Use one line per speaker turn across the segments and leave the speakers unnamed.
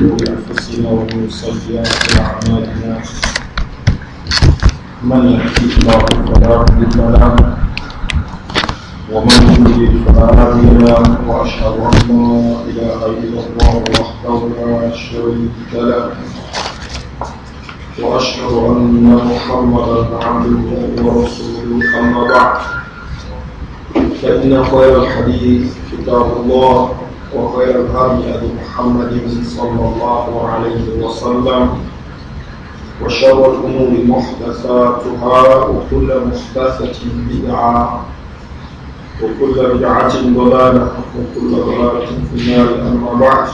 شرور أنفسنا ومن سيئات أعمالنا من يهديه الله فلا مضل له ومن يضلل فلا هادي له وأشهد أن لا إله إلا الله وحده لا شريك له وأشهد أن محمدا عبده ورسوله أما بعد فإن خير الحديث كتاب الله وخير الهدي هدي محمد صلى الله عليه وسلم وشر الأمور محدثاتها وكل محدثة بدعة وكل بدعة ضلالة وكل ضلالة في النار أما بعد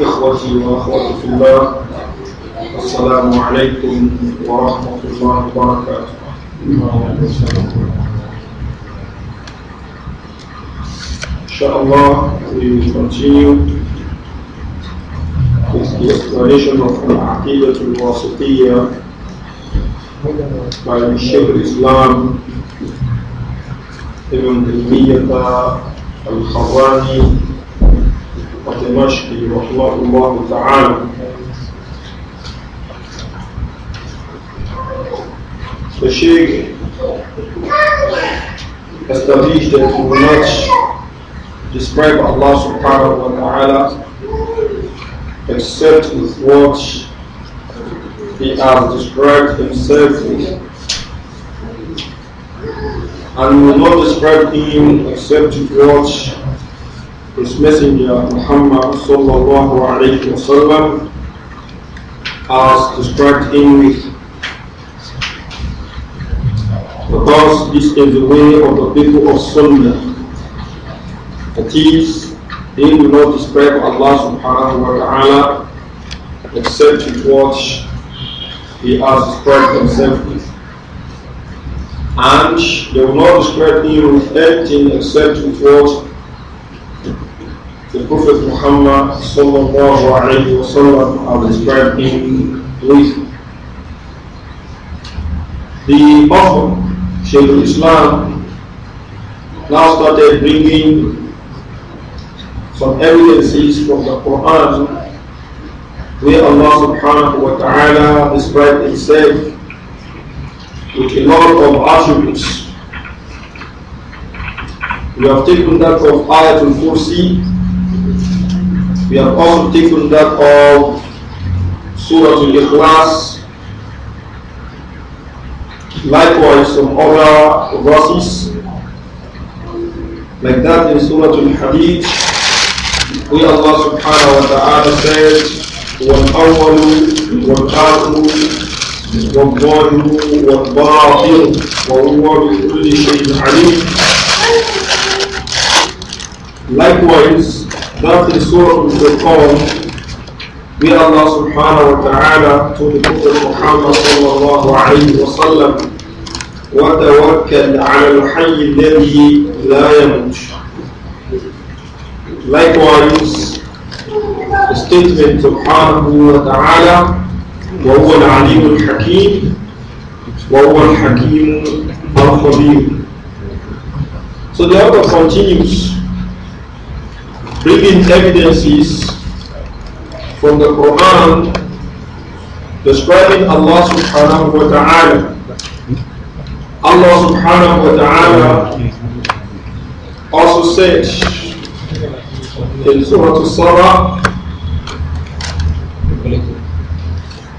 إخوتي وأخواتي في الله السلام عليكم ورحمة الله وبركاته شاء الله we continue with the explanation of the Aqidat the wasitiyya by the Shaykh Islam Ibn Taymiyyah al-Khawani al Allah rahimahullah ta'ala. The Shaykh established that much describe Allah subhanahu wa ta'ala except with what he has described himself with. And will not describe him except with what his messenger Muhammad sallallahu alayhi wasallam has described him with. Because this is the way of the people of Sunnah. That is, they do not describe Allah subhanahu wa ta'ala except with what He has described Himself And they will not describe Him with anything except with what the Prophet Muhammad sallallahu alayhi wa sallam has described Him with. The Prophet Shaykh Islam, now started bringing some evidences from the Quran where Allah subhanahu wa ta'ala described himself with a lot of attributes. We have taken that of Ayatul Kursi. We have also taken that of Surah Al-Ikhlas. Likewise, some other verses like that in Surah Al-Hadith. We Allah subhanahu wa ta'ala said, وَالْأَوَّلُ وَالْآخِرُ وَالظَّاهِرُ وَالْبَاطِنُ وَهُوَ بِكُلِّ شَيْءٍ عَلِيمٌ Likewise, that is Surah al quran we Allah subhanahu wa ta'ala to the Prophet Muhammad sallallahu alayhi wa sallam, وَتَوَكَّلْ عَلَى الْحَيِّ الَّذِي لَا يَمُوتُ Likewise, the statement of Allah Ta'ala, وَهُوَ الْعَلِيمُ الْحَكِيمُ وَهُوَ al الْخَبِيرُ So the author continues, bringing evidences from the Quran describing Allah subhanahu wa ta'ala. Allah subhanahu wa ta'ala also says, سورة الصبا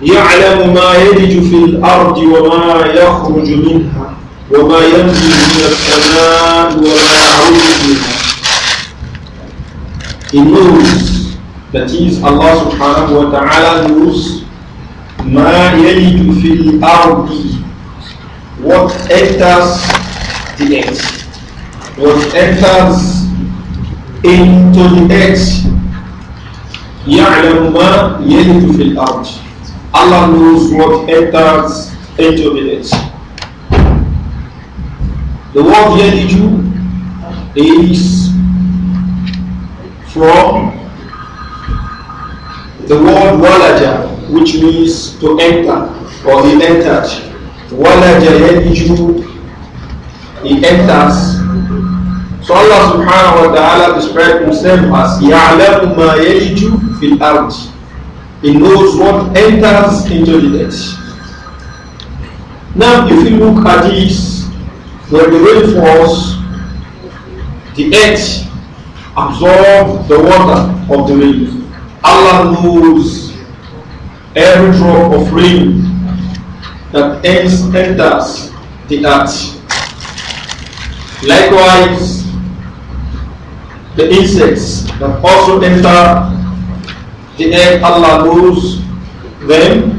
يعلم ما يلج في الأرض وما يخرج منها وما ينزل من السماء وما يعود منها He knows, that is Allah subhanahu wa ta'ala knows ما يلج في الأرض what enters the earth what enters into the earth. يَعْلَمُ مَا يَلِدُ فِي الْأَرْضِ Allah knows what enters into the earth. The word yadiju is from the word walaja, which means to enter or he entered. Walaja yadiju, he enters so Allah subhanahu wa ta'ala described himself as Ya'lamu ma yaliju fil ard. He knows what enters into the earth. Now if you look at this, when the rain falls, the earth absorbs the water of the rain. Allah knows every drop of rain that enters the earth. Likewise, the insects that also enter the egg, Allah knows them.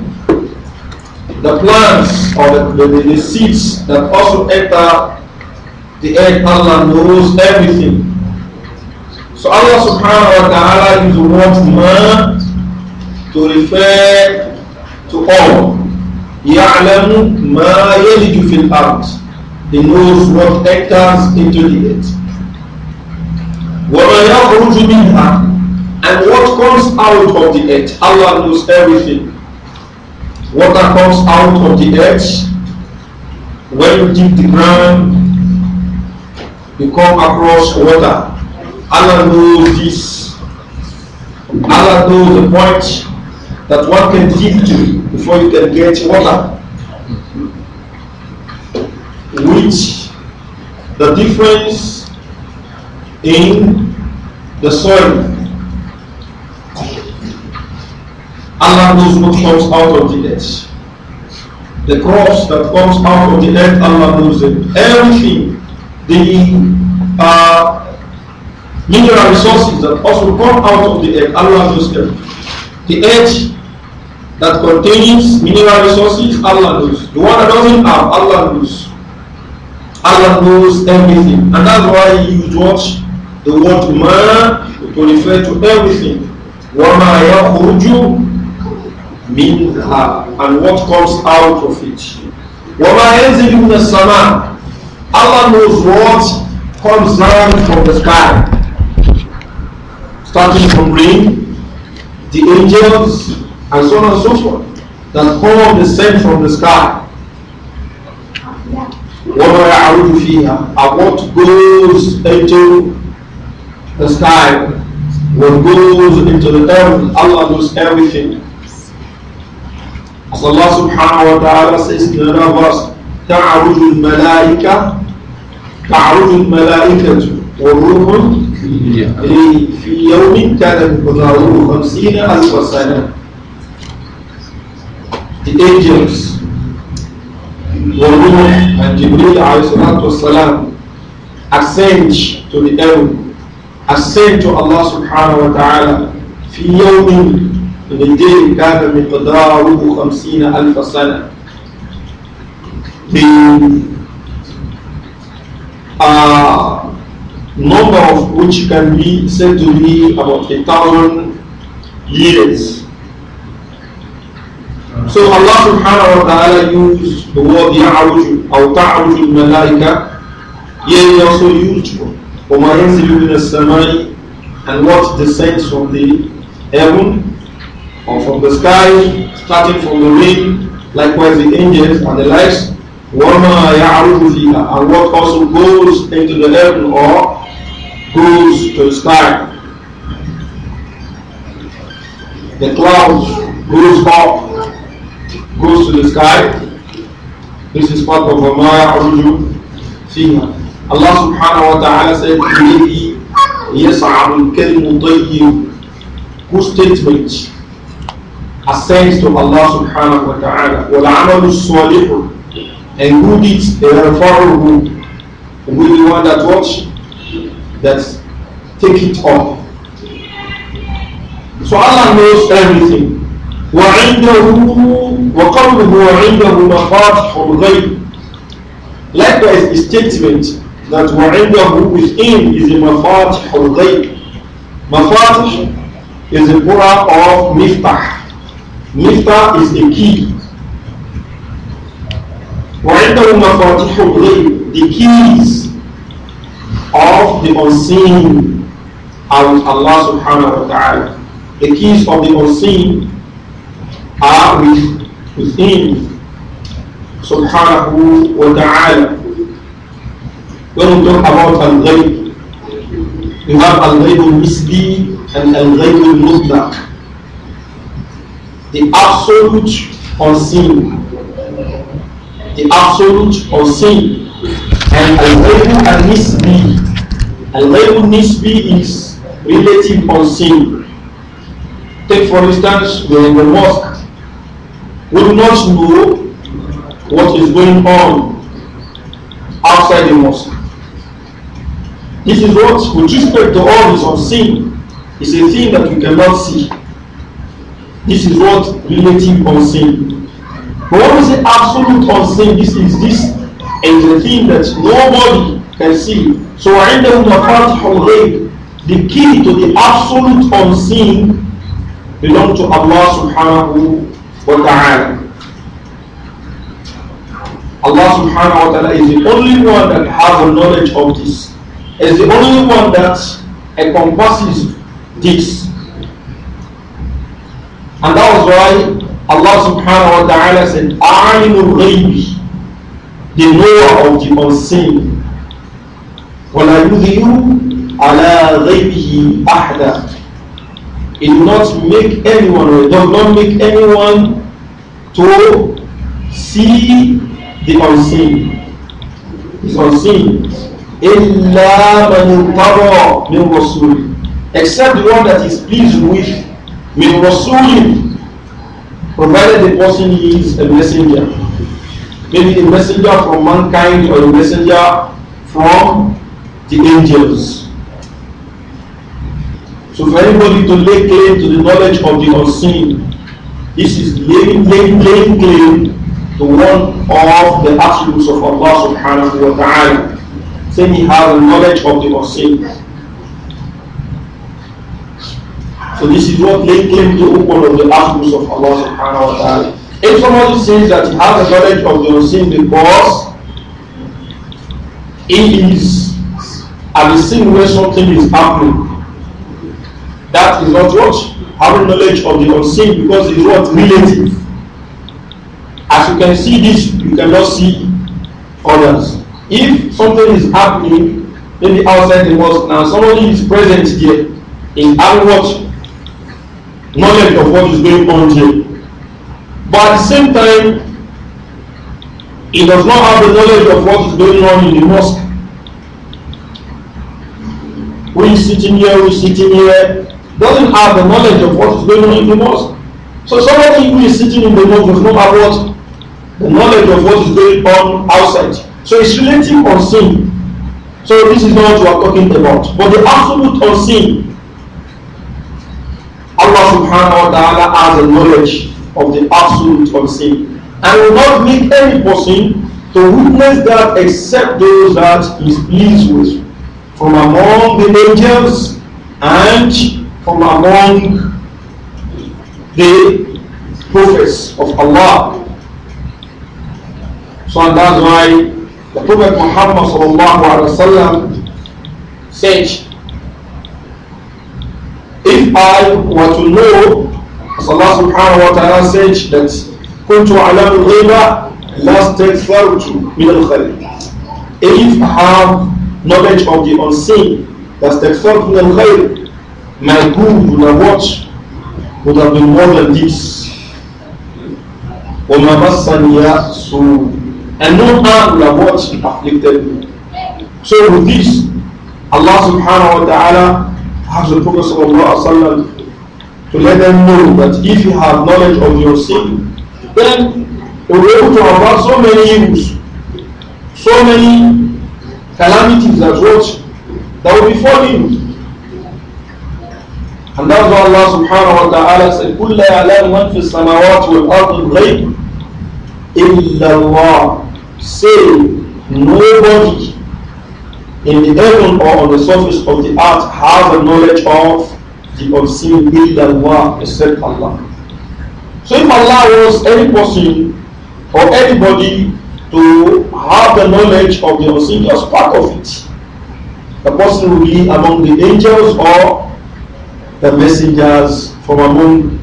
The plants or the, the, the seeds that also enter the egg, Allah knows everything. So Allah subhanahu wa ta'ala is the word man to refer to all. يعلم ما يلج في الأرض. He knows what enters into the earth. And what comes out of the earth, Allah knows everything. Water comes out of the earth. When you dig the ground, you come across water. Allah knows this. Allah knows the point that one can dig to before you can get water. Which the difference in the soil. Allah knows what comes out of the earth. The crops that comes out of the earth, Allah knows it. Everything, the uh, mineral resources that also come out of the earth, Allah knows them. The earth that contains mineral resources, Allah knows. The one that doesn't have, Allah knows. Allah knows everything. And that's why you watch the word ma to refer to everything. وَمَا يَخْرُجُ minha And what comes out of it. وَمَا يَنْزِلُ مِنَ السَّمَاءِ Allah knows what comes down from the sky. Starting from rain, the angels, and so on and so forth. That all descend from the sky. وَمَا يَعْرُجُ فِيهَا And what goes into the sky, what goes into the earth, Allah knows everything. As Allah subhanahu wa ta'ala says in another verse, تعرج الملائكة تعرج الملائكة والروح في يوم كان مقداره خمسين ألف سنة. The angels والروح and Jibreel عليه الصلاة والسلام ascend to the heaven ascend to Allah subhanahu wa ta'ala في يوم in a day كان مقداره خمسين ألف سنة the uh, number of which can be said to be about a thousand years. So Allah subhanahu wa ta'ala used the word يعرج أو al-malaika here he also used وَمَا يَنْزِلُ السَّمَاءِ And what descends from the heaven or from the sky, starting from the rain, likewise the angels and the lights. وَمَا يَعْرُضُ فِيهَا And what also goes into the heaven or goes to the sky. The clouds goes up, goes to the sky. This is part of وَمَا يَعْرُضُ فِيهَا الله سبحانه وتعالى said, Maybe يَسْعَرُ الْكَلِمُ طَيِّبُ Good statement ascends to Allah subhanahu wa ta'ala. وَالْعَمَلُ الصَّالِحُ And good deeds, they are followable. Will the one that watch, that take it up. So Allah knows everything. وعنده وقوله وعنده مفاتح الغيب Likewise, a statement that وَعِنْدَهُ within is the mafatih al-ghayb. Mafatih is the plural of miftah. Miftah is a key. Mafatih al-Ghayb, the keys of the unseen are Allah subhanahu wa ta'ala the keys of the unseen are with, with subhanahu wa ta'ala when we talk about Al-Ghayb, we have Al-Ghayb al-Nisbi and Al-Ghayb al-Mutlaq. The absolute unseen. The absolute unseen. And Al-Ghayb al-Nisbi. Al-Ghayb al-Nisbi is relative unseen. Take for instance, the mosque. We do not know what is going on outside the mosque. This is what, with respect to all is unseen, is a thing that we cannot see. This is what relative unseen. But when we say absolute unseen, this is this is the thing that nobody can see. So عندهم مفاتح of The key to the absolute unseen belong to Allah subhanahu wa ta'ala. Allah subhanahu wa ta'ala is the only one that has the knowledge of this. is the only one that encompasses this. And that was why Allah subhanahu wa ta'ala said, Alimul Ghaibi, the knower of the unseen. وَلَا يُذِيُّ عَلَى غَيْبِهِ أَحْدًا It will not make anyone, or it does not make anyone to see the unseen. It's unseen. Except the one that is pleased with min rasulin provided the person is a messenger. Maybe a messenger from mankind or a messenger from the angels. So for anybody to lay claim to the knowledge of the unseen, this is laying, laying, laying claim to one of the attributes of Allah subhanahu wa ta'ala saying he has a knowledge of the unseen. So this is what they claim to open of the attributes of Allah subhanahu wa ta'ala. If somebody says that he has knowledge of the unseen because he is at the same way something is happening, that is not what? Having knowledge of the unseen because it's what? Relative. As you can see this, you cannot see others. If something is happening, maybe outside the mosque now, somebody is present there in outward knowledge of what is going on there. But at the same time, he does not have the knowledge of what is going on in the mosque. We sitting here, we sitting here, doesn't have the knowledge of what is going on in the mosque. So somebody who is sitting in the mosque does not have what? The knowledge of what is going on outside. So it's relative on sin. So this is not what we're talking about. But the absolute unseen, sin, Allah subhanahu wa ta'ala has a knowledge of the absolute unseen, sin. And will not need any person to witness that except those that he is pleased with from among the angels and from among the prophets of Allah. So that's why The Prophet Muhammad sallallahu alaihi wasallam said, "If I were to know, as Allah subhanahu wa taala said that kuntu كنت على الغيبة لاستكثرت من الخير." If I have knowledge of the unseen, لاستكثرت من الخير, my good would have what would have been more than this. وما مسني سوء and know how you are what afflicted me. So with this, Allah subhanahu wa ta'ala has the Allah sallam, to let them know that if you have knowledge of your sin, then you will be able to avoid so many evils, so many calamities that what that will be falling. And that's why Allah subhanahu wa ta'ala said, قُلْ لَا يَعْلَمُ مَنْ فِي السَّمَاوَاتِ وَالْأَرْضِ الْغَيْبِ إِلَّا اللَّهِ say nobody in the heaven or on the surface of the earth has a knowledge of the obscene Allah except Allah. So if Allah wants any person or anybody to have the knowledge of the unseen, just part of it. The person will be among the angels or the messengers from among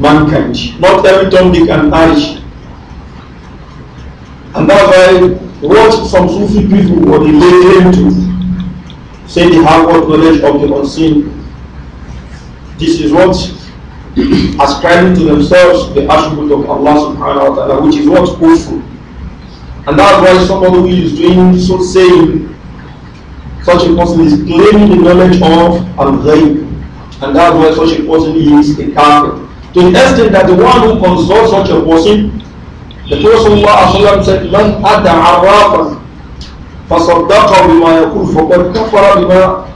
mankind. Not every tongue they can perish. And that's why what some Sufi people were relating to say they have what knowledge of the unseen. This is what ascribing to themselves the attribute of Allah subhanahu wa ta'ala, which is what kufr. And that's why somebody who is doing so saying such a person is claiming the knowledge of al ghaib and that's why such a person is a kafir. To the extent that the one who consults such a person The Prophet said, Man ada arrafan fasaddaqa bima yakul faqad kafara bima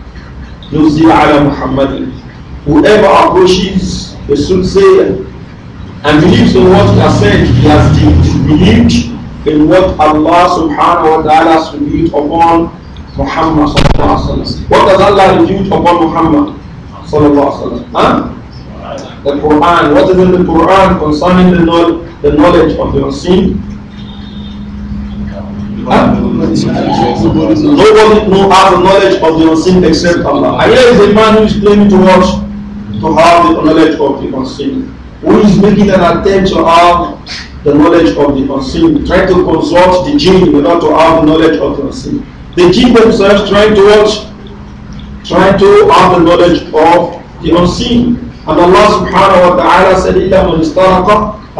yuzil ala محمد Whoever approaches the soothsayer and believes in what he has said, he has believed in what Allah subhanahu wa ta'ala has revealed upon Muhammad sallallahu alayhi wa sallam. What does Allah reveal upon Muhammad sallallahu alayhi wa sallam? Huh? the Quran. What is in the Quran concerning the, know the knowledge of the unseen? Nobody know have the knowledge of the unseen except Allah. And here is a man who is claiming to watch, to have the knowledge of the unseen. Who is making an attempt to have the knowledge of the unseen, try to consult the jinn in order to have the knowledge of the unseen. The jinn themselves trying to watch, trying to have the knowledge of the unseen. And Allah subhanahu wa ta'ala said, إِلَّا مَنْ اسْتَرَقَ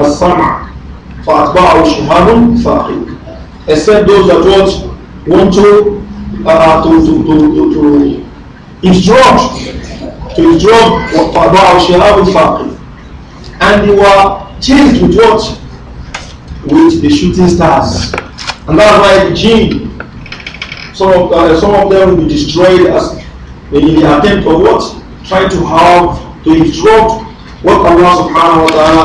السَّمْعَ فَأَتْبَعَهُ شِهَابٌ فَاقِبٌ Except those that want, want to, uh, to, to, to, to, to instruct, to instruct فَأَتْبَعَهُ شِهَابٌ فَاقِبٌ And they were chased with what? With the shooting stars. And that's why the jinn, some of, uh, some of them will be destroyed as in the attempt of what? trying to have to interrupt what Allah subhanahu wa ta'ala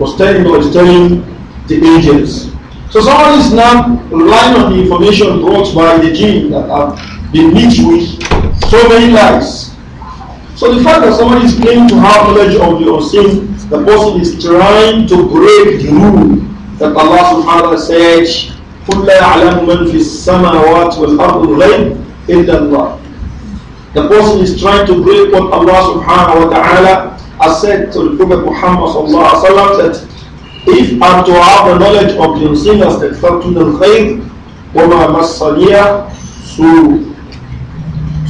was telling or is telling the angels. So of is now line on the information brought by the jinn that have been mixed with so many lies. So the fact that somebody is claiming to have knowledge of your sin, the person is trying to break the rule that Allah subhanahu wa ta'ala said, قُلْ لَا يَعْلَمُ مَنْ فِي السَّمَاوَاتِ وَالْأَرْضِ الْغَيْبِ إِلَّا اللَّهِ the person is trying to break what Allah subhanahu wa ta'ala has said to the Prophet Muhammad sallallahu alaihi wasallam that if I to have the knowledge of the sinners that fell to the khayr, وَمَا مَسَّنِيَا سُوءٌ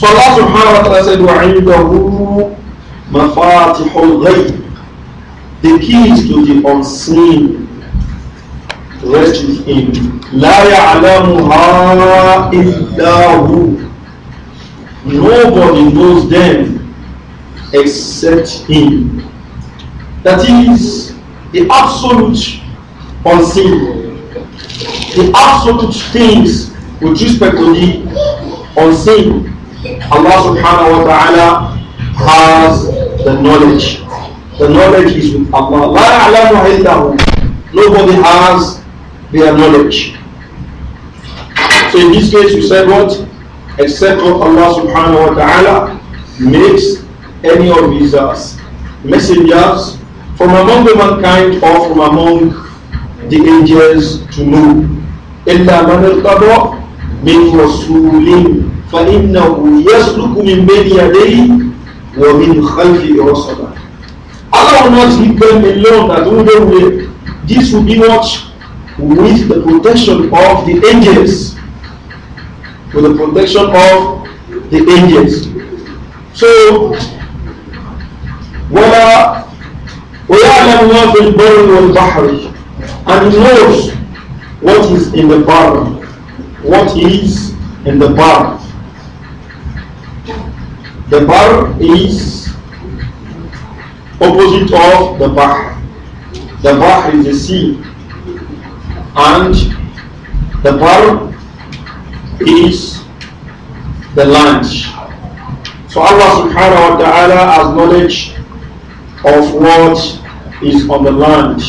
So Allah subhanahu wa ta'ala said, وَعِنْدَهُ مَفَاتِحُ الْغَيْبِ The keys to the unseen rest with him. لَا يَعْلَمُهَا إِلَّا هُوَ Nobody knows them except Him. That is the absolute unseen. The absolute things with respect to the unseen. Allah subhanahu wa ta'ala has the knowledge. The knowledge is with Allah. Nobody has their knowledge. So in this case, we said what? except what Allah subhanahu wa ta'ala makes any of his messengers from among the mankind or from among the angels to know. إلا من ارتضى من رسول فإنه يسلك من بين يديه ومن Allah will not leave them alone that will the way. This will be what? With the protection of the angels for the protection of the angels. So, whether ويعلم ما in the والبحر and he knows what is in the bar, what is in the bar. The bar is opposite of the bahr. The bahr is the sea, and the bar is the land. So Allah subhanahu wa ta'ala has knowledge of what is on the land.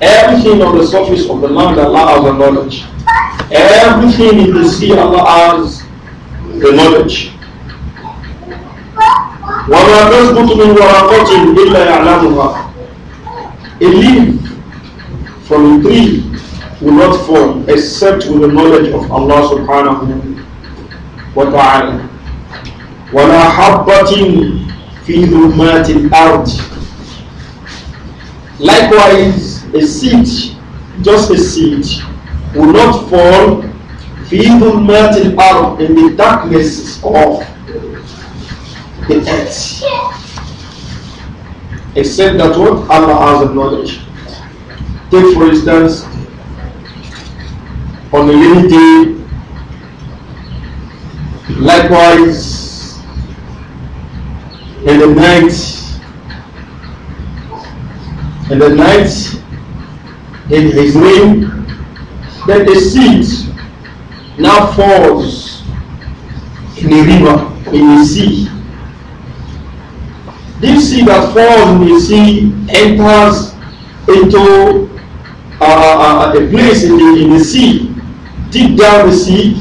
Everything on the surface of the land, Allah has the knowledge. Everything in the sea, Allah has the knowledge. وما تسقط من ورقة إلا يعلمها. A leaf from a tree will not fall except with the knowledge of Allah subhanahu wa ta'ala. وَلَا حَبَّةٍ فِي ظُلُمَاتِ الْأَرْضِ Likewise, a seed, just a seed, will not fall فِي ظُلُمَاتِ الْأَرْضِ in the darkness of the earth. Except that what? Allah has the knowledge. Take for instance, on unity. Likewise, in the night, in the night, in his name, that the seed now falls in the river, in the sea. This seed that falls in the sea enters into uh, uh, uh a place in the, in the sea deep down the sea,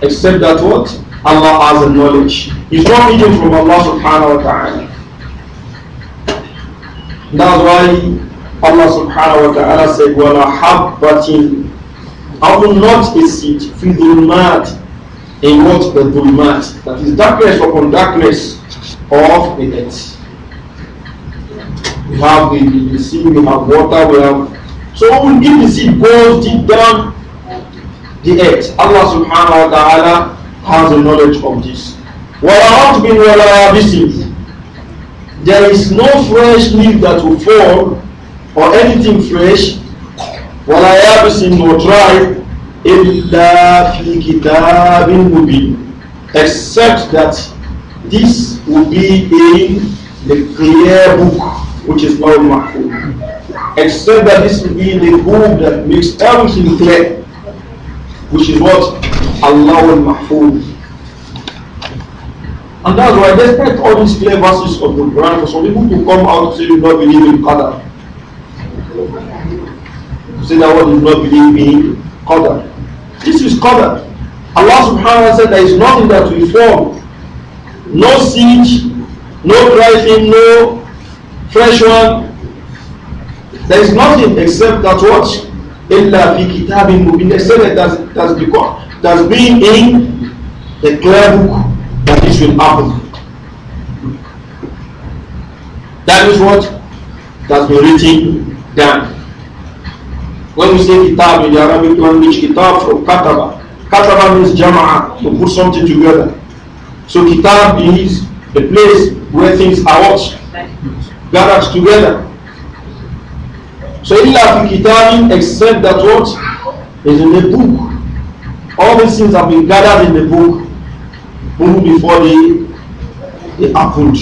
except that what? Allah has a knowledge. He's not hidden from Allah subhanahu wa ta'ala. That's why Allah subhanahu wa ta'ala said, وَلَا حَبَّةٍ I will not exceed في A in what the dhulmat, that is darkness upon darkness of the earth. We have the, the sea, we have water, we have so even if to seed goes deep down the earth, Allah subhanahu wa ta'ala has the knowledge of this. وَلَا أَطْبٍ وَلَا بِسِمْ There is no fresh leaf that will fall or anything fresh وَلَا يَابِسٍ nor dry إِلَّا فِي كِتَابٍ مُبِينٍ Except that this will be in the clear book which is called Mahfuz. Except that this will be the book that makes everything clear, which is what Allah al Mahfuz. And that's why, despite all these clear verses of the Quran, for some people to come out and say, You do not believe in Qadar. To say that one does not believe in Qadar. This is Qadar. Allah subhanahu wa ta'ala said, There is nothing that will form. No siege, no driving, no fresh one, there is nothing except that what? إِلَّا فِي كِتَابٍ مُبِينٍ Except that that's, that's, because, that's being in the clear book that this will happen. That is what that's been written down. When we say kitab in the Arabic language, kitab from kataba. Kataba means jama'a, to put something together. So kitab is a place where things are what? Gathered together. So إِلَّا فِي كِتَابٍ except that what is in the book. All these things have been gathered in the book before they, they happened.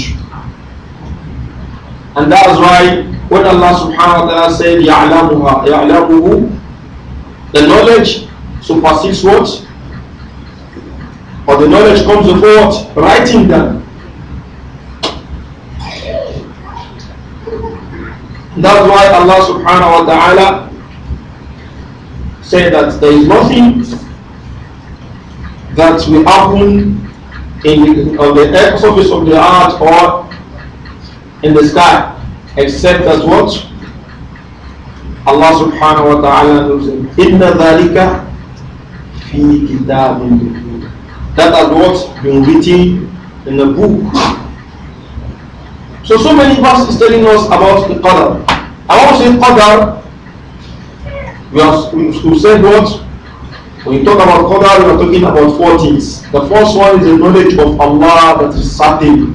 And that is why when Allah subhanahu wa ta'ala said يَعْلَمُهَا يَعْلَمُهُ the knowledge supersedes what? Or the knowledge comes before what? Writing them. That's why Allah subhanahu wa ta'ala said that there is nothing that will happen in the, on the surface of the earth or in the sky except that what Allah subhanahu wa ta'ala knows inna dhalika fi kitabin that has what been written in the book so so many verses telling us about the qadar I want to say qadar. We have to say what? When you talk about qadar, we are talking about four things. The first one is the knowledge of Allah that is certain,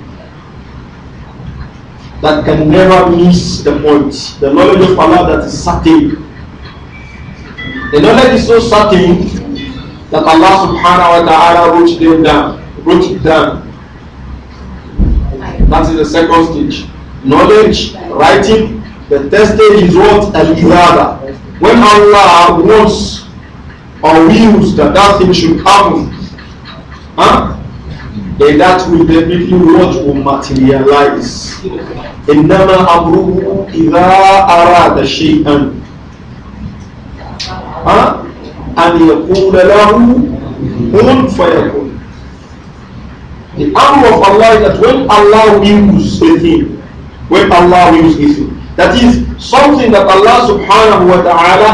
that can never miss the point. The knowledge of Allah that is certain. The knowledge is so certain that Allah subhanahu wa ta'ala wrote them down, wrote it down. That is the second stage. Knowledge, writing, the testing is what? Al-Irada. When Allah wants or wills that that thing should happen, huh? then that will definitely what will materialize. إنما أمره إذا أراد شيئا ها أن يقول له كن فيكون The amr of Allah is that when Allah wills a thing, when Allah wills a thing, that is something that Allah subhanahu wa ta'ala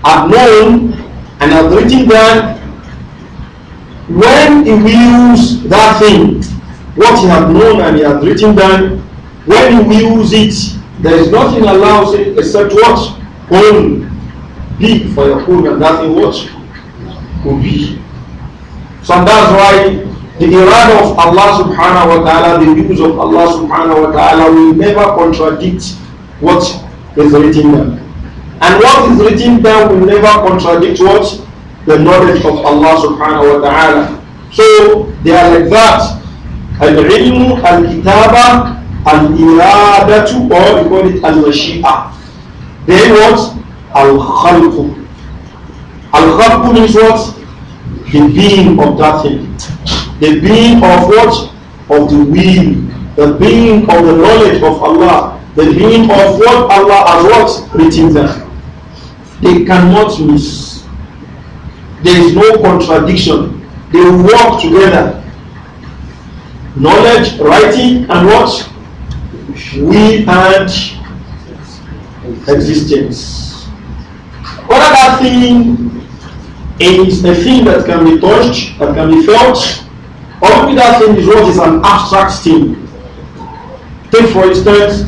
had known and had written down when he wills that thing, what he had known and he had written down, when he wills it, there is nothing allowed except what? Own. Be for your own and nothing what? Could be. So that's why the Iran of Allah subhanahu wa ta'ala, the views of Allah subhanahu wa ta'ala will never contradict what is written there. And what is written there will never contradict what? The knowledge of Allah subhanahu wa ta'ala. So they are like that. Al-ilmu, al-kitaba, al-iradatu, or we call it al-mashia. Then what? Al-khalqu. Al-khalqu means what? The being of that thing. The being of what? Of the will. The being of the knowledge of Allah. The being of what Allah has what? Written them. They cannot miss. There is no contradiction. They work together. Knowledge, writing, and what? We and existence. What about thing it is, a thing that can be touched, that can be felt, Or maybe that thing is what is an abstract thing. Take for instance,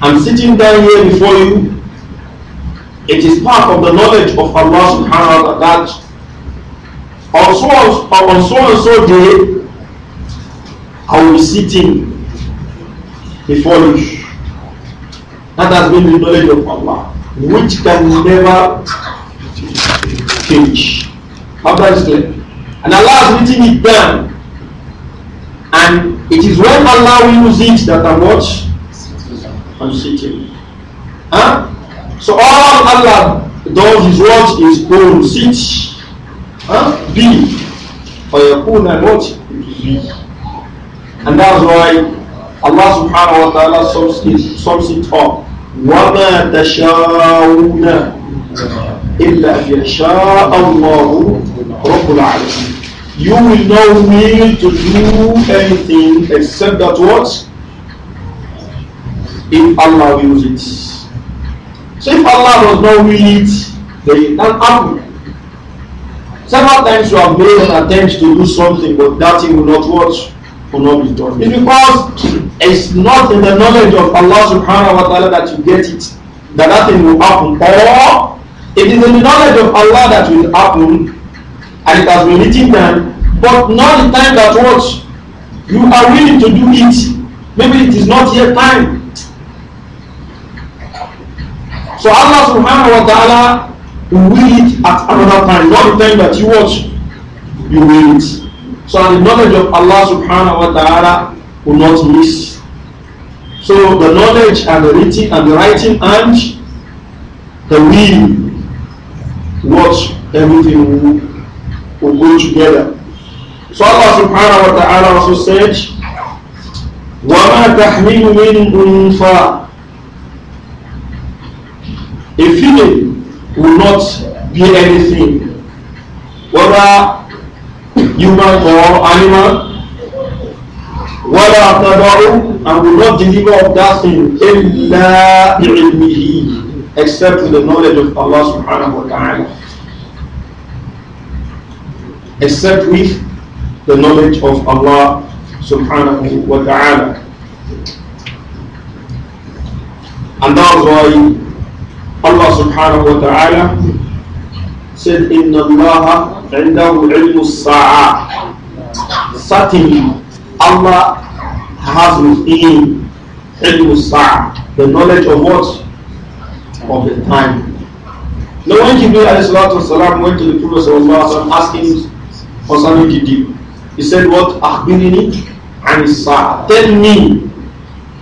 I'm sitting down here before you. It is part of the knowledge of Allah subhanahu wa ta'ala that on so, on so and so day, I will be sitting before you. That has been the knowledge of Allah, which can never change. How does it? And Allah has written it down. And it is when Allah uses it that I'm what? I'm sitting. Huh? So all Allah does is what is own sit. Huh? Be. for your own and what? Be. And that's why Allah subhanahu wa ta'ala sums it, sums it up. وَمَا تَشَاءُونَ إِلَّا يَشَاءَ اللَّهُ رَبُّ الْعَالَمِينَ you will not need to do anything except that what? If Allah wills it. So if Allah does not will it, then it can happen. Several times you have made an attempt to do something, but that thing will not work Will not be done. It's because it's not in the knowledge of Allah subhanahu wa ta'ala that you get it, that that thing will happen. Or it is in the knowledge of Allah that will happen, and it has been written down, but not the time that what you are willing to do it. Maybe it is not yet time. So Allah subhanahu wa ta'ala will will it at another time, not the time that you watch, you will it. So the knowledge of Allah subhanahu wa ta'ala will not miss. So the knowledge and the reading and the writing and the will watch everything will go together. So Allah subhanahu wa ta'ala also said, وَمَا تَحْمِلُ مِنْ أُنْفَى A female will not be anything, whether human or animal, whether after تَدَعُ and will not deliver of that thing إِلَّا بِعِلْمِهِ except with the knowledge of Allah subhanahu wa ta'ala. except with the knowledge of Allah subhanahu wa ta'ala. And that's why Allah subhanahu wa ta'ala said, Inna Allah indahu ilmu sa'a." Certainly, Allah has within ilmu sa'a the knowledge of what? Of the time. Now when Jibreel alayhi salatu wasalam went to the Prophet sallallahu alayhi wa sallam asking concerning did deed. He said, What? Akhbirini and Isa'ah. Tell me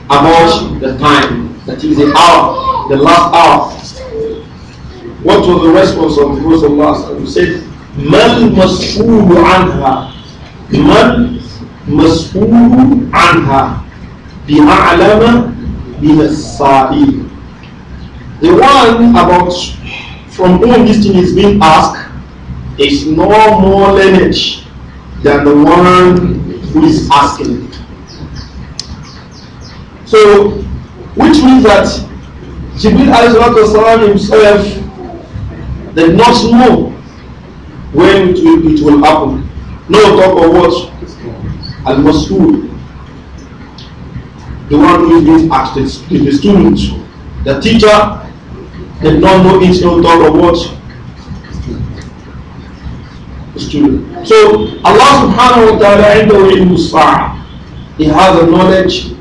about the time, that is the hour, the last hour. What was the response of the Prophet Allah? He said, Man mas'ulu anha. Man mas'ulu anha. Bi'a'lama min as-sa'il. The one about from whom this thing is being asked is no more lineage than the one who is asking. So, which means that Jibril salam himself did not know when it will, it will happen. No talk of what? Al Masul. The one who is being asked is the student. The teacher did not know it, no talk of what? student. So Allah subhanahu wa ta'ala ilmu He has a knowledge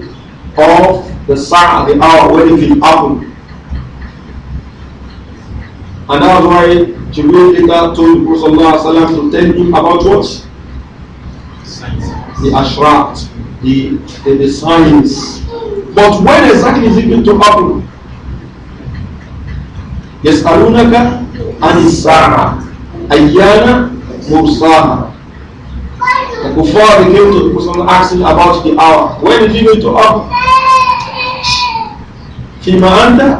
of the sa' the hour when it will happen. And that's why Jibreel later told Prophet to tell him about what? The ashraat, the, the, the signs. But when exactly is it going to happen? يسألونك عن الساعة ayana? Muslim. The kuffar came to the Muslim asking about the hour. When is it going to happen? فيما أنت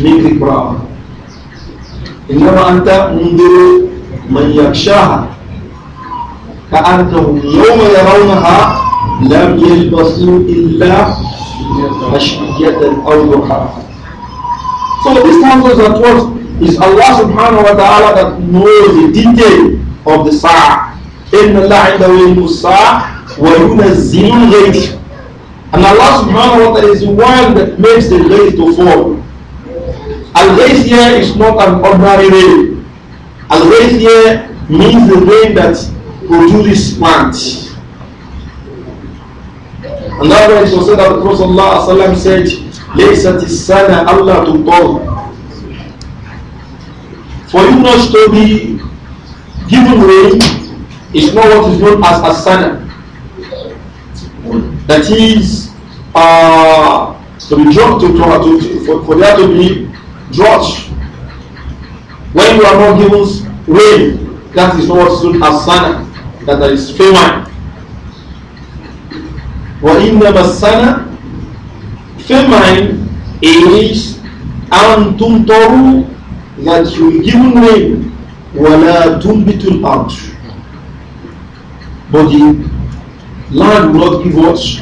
من ذكراها إنما أنت منذر من يخشاها كأنهم يوم يرونها لم يلبسوا إلا مشية أو ضحاها So this time us that what is Allah subhanahu wa ta'ala that knows the detail of the Sa'ah. إِنَّ اللَّهَ عِنْدَهُ السَّاعَ وَيُنَزِّلُ الْغَيْثِ And Allah subhanahu wa ta'ala is the one that makes the rain to fall. Al-Ghayth here is not an ordinary rain. Al-Ghayth here means the rain that produces plants. Another is said that the Prophet said, Laysat is sana Allah to God. For you not to be Giving way is not what is known as asana. That is uh, to be dropped to, to, to for, for there to be dropped. When you are not given way, that is not what is known as asana. that, that is famine. the asana famine is أن تمطروا that you given rain وَلَا تُنْبِتُ الْأَرْضُ But the land will not give us,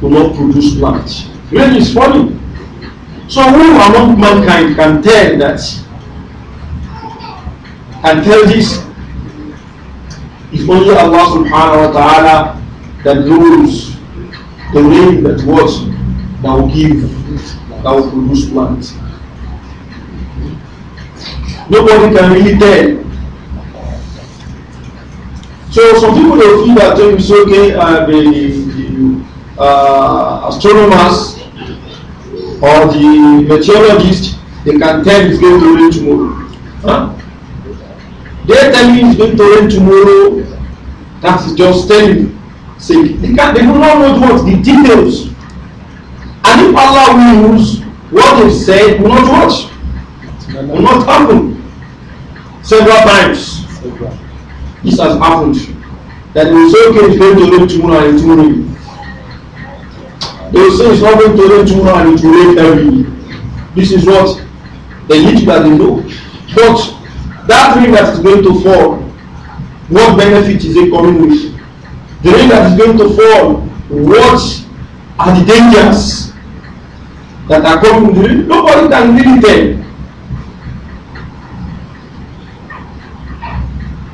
will not produce plants. Rain is falling. So who among mankind can tell that and tell this It's only Allah subhanahu wa ta'ala that knows the rain that was that will give that will produce plants. Nobody can really tell So some people they feel that oh, it's okay uh, the, the uh, astronomers or the meteorologist they can tell it's going to rain tomorrow. Huh? They tell you it's going to rain tomorrow. That's just telling. Say they can they do not know what the details. And if Allah will use what they said, will not watch, will not happen several times this has happened. That it is okay if they donate tomorrow and it will They will say it's not going to rain tomorrow and it will rain every year. This is what the need that they know. But that rain that is going to fall, what benefit is it coming with? The rain that is going to fall, what are the dangers that are coming with the rain? Nobody can really tell.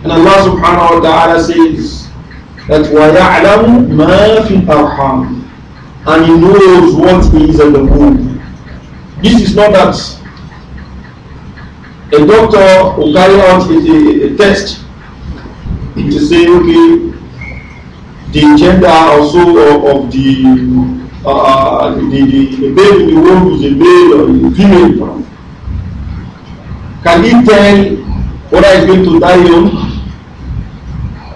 And Allah subhanahu wa ta'ala says that وَيَعْلَمُ مَا فِي الْأَرْحَامِ And He knows what is in the womb. This is not that a doctor will carry out a, a, a test to say, okay, the gender also of, of the, uh, uh the, the, the baby in the womb is a male or a female. Can he tell I he's going to die on?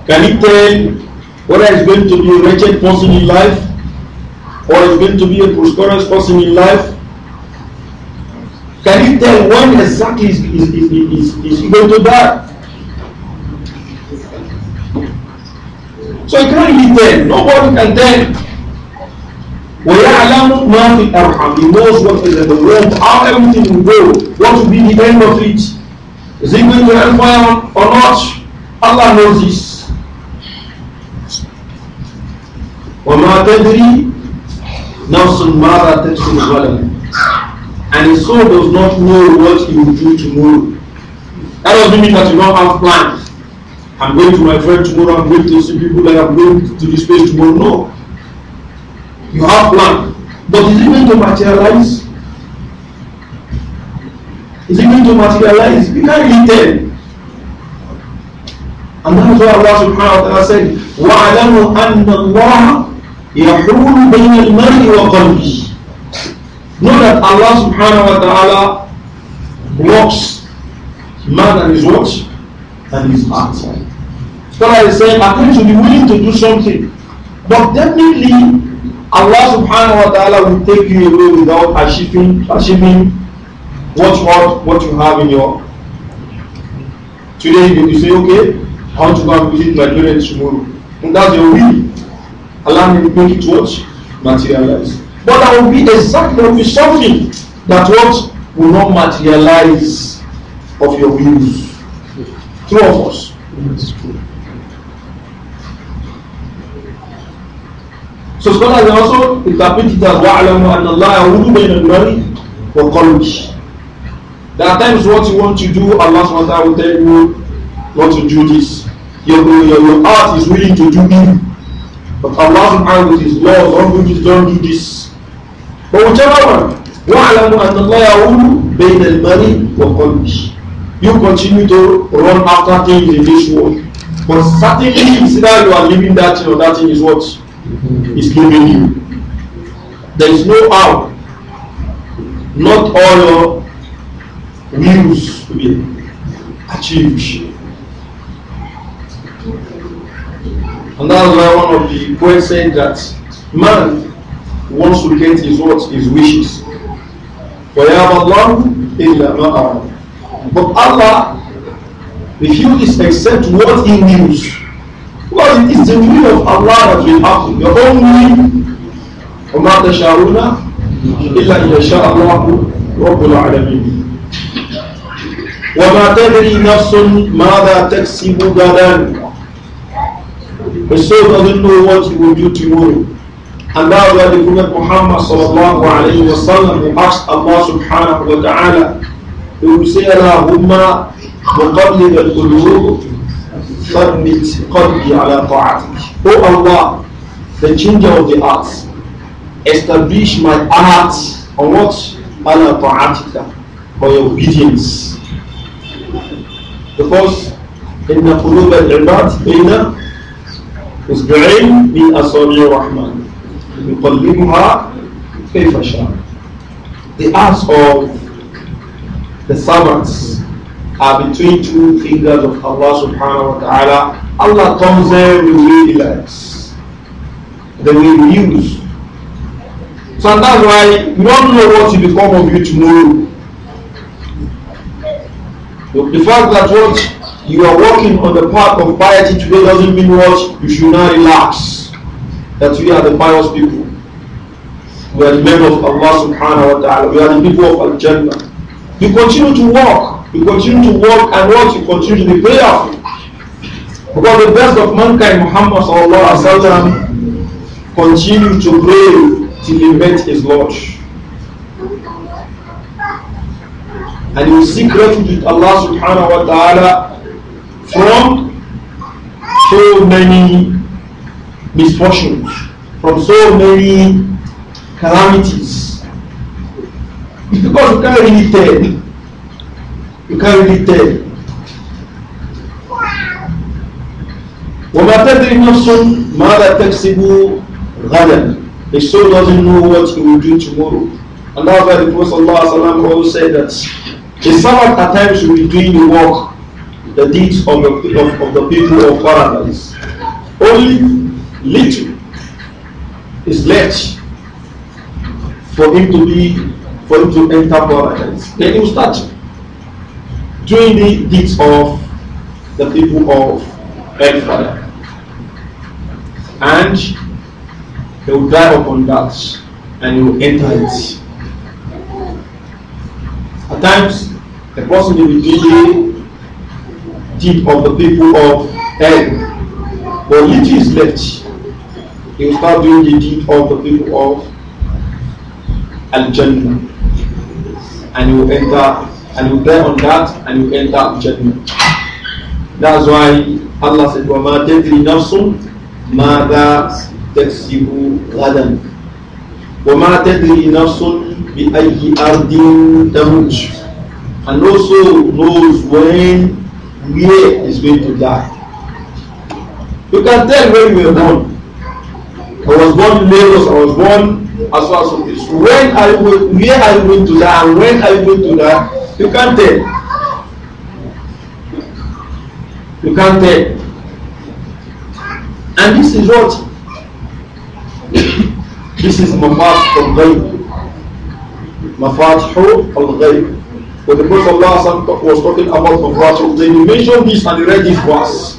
Can he tell whether it's going to be a wretched person in life or it's going to be a prosperous person in life? Can he tell when exactly is, is, is, is, he going to die? So he can't really tell. Nobody can tell. ويعلم ما في الأرحام He knows what is in the womb, how everything will go, what will be the end of it. Is it going to hellfire or not? Allah knows this. وَمَا تَدْرِي نَفْسٌ مَاذَا تَكْسِبُ غَدًا And his soul does not know what he will do tomorrow. That doesn't mean that you don't have plans. I'm going to my friend tomorrow, I'm going to see people that I'm going to this place tomorrow. No. You have plans. But is it going to materialize? Is it going to materialize? You can't tell. And that's why Allah subhanahu wa ta'ala said, وَعَلَمُوا أَنَّ اللَّهَ يحول بين المرء وقلبه Know that Allah subhanahu wa ta'ala blocks man and his watch and his heart. So I say, I think to be willing to do something. But definitely, Allah subhanahu wa ta'ala will take you away without achieving, achieving what, what, what you have in your. Today you say, okay, I want to go and visit my parents tomorrow. And that's your will. allow me to make it what? Materialize. But that will be exactly, will be something that what will not materialize of your views. Two of us. So scholars also interpret it as وَعْلَمُ أَنَّ اللَّهَ يَهُدُ بَيْنَ الْمَرِي وَقَلْبِ There are times what you want to do, Allah SWT will tell you not to do this. Your, your, your heart is willing to do evil. But Allah subhanahu with his law, don't do this, don't do this. But whichever one, وَعْلَمُ أَنَّ اللَّهَ يَعُولُ بَيْنَ الْمَرِي وَقَلْبِ You continue to run after things in this world. But certainly that you are living that thing or that thing is what is giving you. There is no how. Not all your views will achieve. And that's why one of the poets said that man wants to get his what? His wishes. But Allah refuses except what he wills. Because it is the will of Allah that will happen. The only وما تشاءون إلا إن شاء الله رب العالمين وما تدري نفس ماذا تكسب غدا The soul doesn't know what he will do tomorrow. And that was the Prophet Muhammad sallallahu alayhi wa sallam who asked Allah subhanahu wa ta'ala, he will say, Allahumma muqallib al-qulub, thabbit qalbi ala ta'atik. Oh Allah, the changer of the hearts, establish my heart on what? Ala ta'atika, by obedience. Because in the qulub al-ibad, إصبعين من أصابع الرحمن يقلبها كيف شاء The arms of the servants are between two fingers of Allah subhanahu wa ta'ala. Allah comes them the way He likes, the way He use. So that's why you don't know what will become of you tomorrow. The fact that what you are walking on the path of piety today doesn't mean what you should not relax. That we are the pious people. We are the men of Allah subhanahu wa ta'ala. We are the people of Al Jannah. You continue to walk. You continue to walk and what you continue to be prayerful. Because the best of mankind, Muhammad sallallahu alaihi wasallam, continued to pray till he met his Lord. And he will seek refuge with Allah subhanahu wa ta'ala from so many misfortunes, from so many calamities. Because you can't really tell. You can't really tell. وما تدري نفس ماذا تكسب غدا The soul doesn't know what he will do tomorrow. Allah the Prophet always said that the servant at times will be doing the work the deeds of the, of, of the people of paradise. Only little is left for him to be for him to enter paradise. Then he will start doing the deeds of the people of hellfire. And he will die upon that and he will enter it. At times, the person will be doing did of the people of hell. But little is left. He will start doing the deed of the people of Al Jannah. And you enter, and you die on that, and you enter Al Jannah. That's why Allah said, وَمَا تَدْرِي نَفْسٌ مَاذَا تَكْسِبُ غَدًا وَمَا تَدْرِي نَفْسٌ بِأَيِّ أَرْضٍ تَمُوتُ And also knows when where he's going to die. You can tell where you were born. I was born in Lagos, I was born as far as this. When are you, where are you going to die and when are you going to die? You can't tell. You can't tell. And this is what? this is mafat al-ghayb. Mafathu al-ghayb. When the Prophet was talking about Mufratul Zayn, he mentioned this and he read this verse.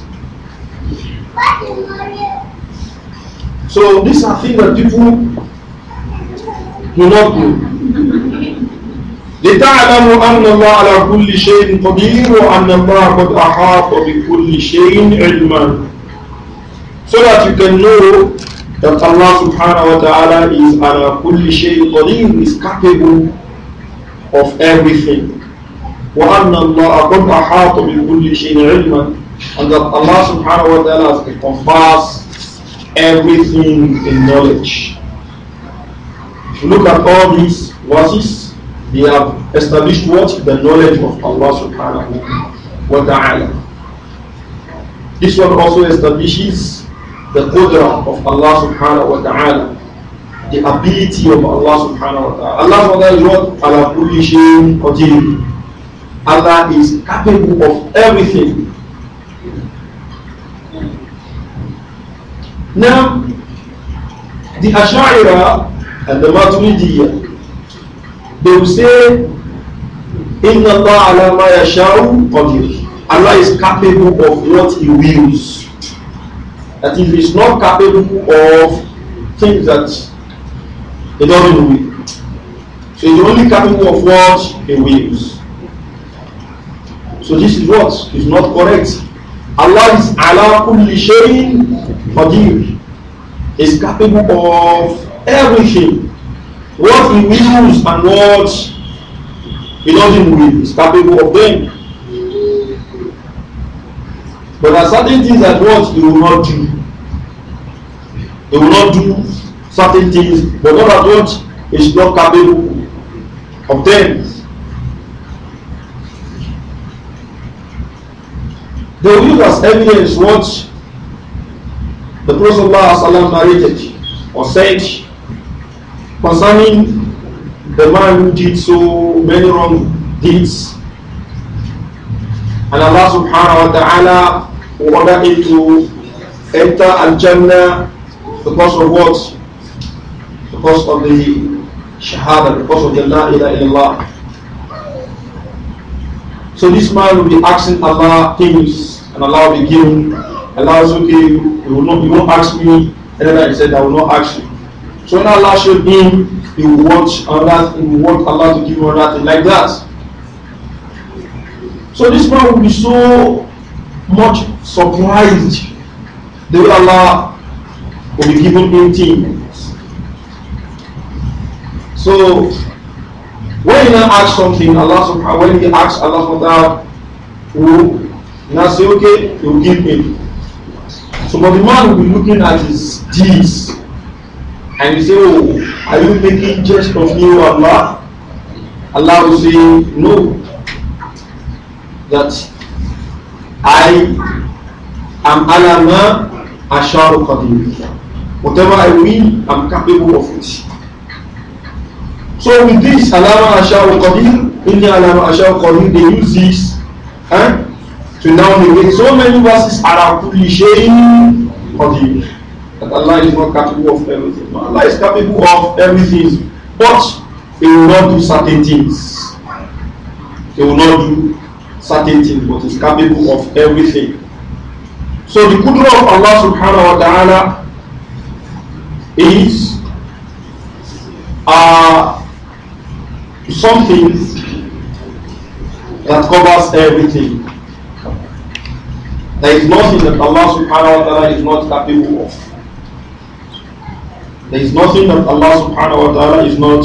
So these are things that people do not do. لتعلموا أن الله على كل شيء قدير وأن الله قد أحاط بكل شيء علما. So that you can know that Allah subhanahu wa ta'ala is ala kulli shayin qadeer, is capable of everything. وأن الله قد أحاط بكل شيء علما and that Allah subhanahu wa ta'ala has encompassed everything in knowledge. If you look at all these verses, they have established what? The knowledge of Allah subhanahu wa ta'ala. This one also establishes the qudra of Allah subhanahu wa ta'ala, the ability of Allah subhanahu wa ta'ala. Allah subhanahu wa ta'ala is what? Ala kulli shayin qadir. Allah is capable of everything. Now, the Ash'ira and the Maturidiyya, they will say, Inna Allah ala ma yasha'u qadir. Allah is capable of what He wills. That if He is not capable of things that He doesn't will. So He is only capable of what He wills. So this is what is not correct. Allah is Allah kulli shayin qadir. Is capable of everything. What he wills and what he doesn't will is capable of them. But there are certain things that what he will not do. He will not do certain things, but not at what is not capable of them. They will use as evidence what the Prophet narrated or said concerning the man who did so many wrong deeds. And Allah subhanahu wa ta'ala will order him to enter Al Jannah because of what? Because of the Shahada, because of the La ilaha illallah. So this man will be asking Allah things and Allah will be given. Allah says, okay, you will not, you will not ask me. And then I said, I will not ask you. So when Allah showed him, he will watch another, he will want Allah to give him another thing like that. So this man will be so much surprised the way Allah will be giving him things. So when he now asks something, Allah subhanahu when he asks Allah subhanahu And I say, okay, they will give me. So, but the man will be looking at his deeds. And he say, oh, are you making jest of me, Allah? Allah will say, no. That I am alama asharu qadir. Whatever I win, I'm capable of it. So with this alama asharu qadir, inni alama asharu qadir, they use this. huh?" to now negate so many verses are fully sharing of you. That Allah is not capable of everything. Allah is capable of everything, but He will not do certain things. He will not do certain things, but He is capable of everything. So the kudra of Allah subhanahu wa ta'ala is uh, something that covers everything. There is nothing that Allah subhanahu wa ta'ala is not capable of. There is nothing that Allah subhanahu wa ta'ala is not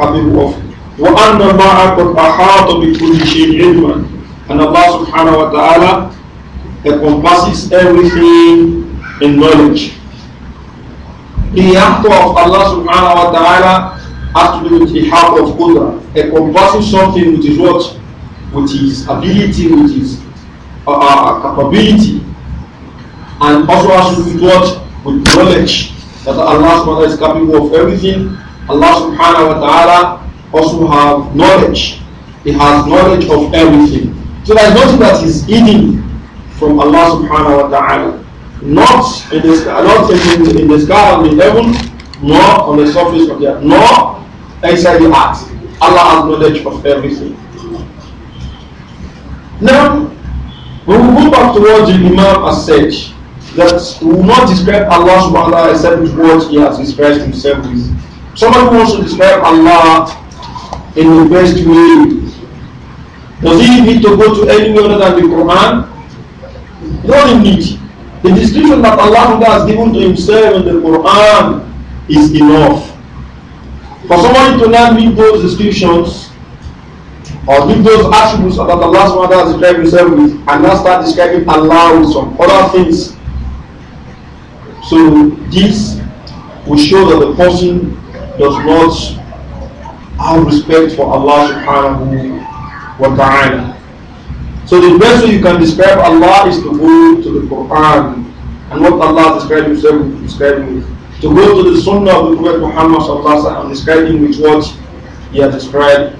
capable of. And Allah subhanahu wa ta'ala encompasses everything in knowledge. The act of Allah subhanahu wa ta'ala has to do with the heart of Qudra, encompasses something with his what? With his ability, with his uh, capability and also has to do with With knowledge that Allah subhanahu is capable of everything. Allah subhanahu wa ta'ala also have knowledge. He has knowledge of everything. So there's nothing that is hidden from Allah subhanahu wa ta'ala. Not in the, not in, in the sky of the heaven, nor on the surface of the earth, nor inside the earth. Allah has knowledge of everything. Now, when we go back to what the Imam has said, that we will not describe Allah subhanahu wa ta'ala except with what he has described himself with. Somebody who wants to describe Allah in the best way, does he need to go to anywhere other than the Quran? No need. The description that Allah has given to himself in the Quran is enough. For somebody to not read those descriptions, or give those attributes that Allah subhanahu has described himself with and now start describing Allah with some other things. So this will show that the person does not have respect for Allah subhanahu wa ta'ala. So the best way you can describe Allah is to go to the Quran and what Allah described himself with, describing with. To go to the Sunnah of the Prophet Muhammad sallallahu alaihi wasallam, describing with what he has described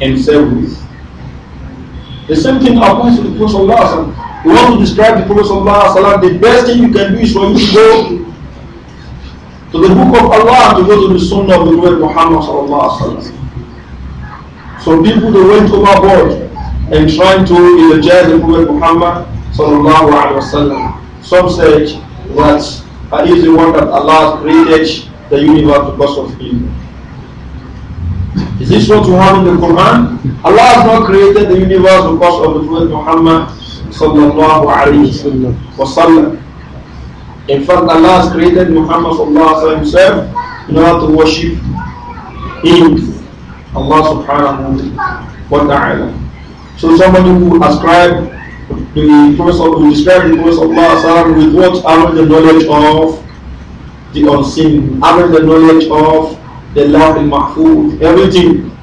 himself with. The same thing applies to the Prophet Sallallahu You want to describe the Prophet Sallallahu the best thing you can do is for you to go to the book of Allah to go to the Sunnah of the Prophet Muhammad Sallallahu so people they went overboard and trying to eulogize the Prophet Muhammad sallallahu alaihi wasallam. Some say that he is the one that Allah created the universe because of him. Is this what you have in the Quran? Allah has not created the universe because of the Prophet Muhammad sallallahu alaihi wasallam. In fact, Allah has created Muhammad sallallahu wasallam. in order to worship Him, Allah subhanahu wa ta'ala. So somebody who ascribe the Prophet who describe the Prophet sallallahu with what having the knowledge of the unseen, having the knowledge of the love al Mahfouz. everything.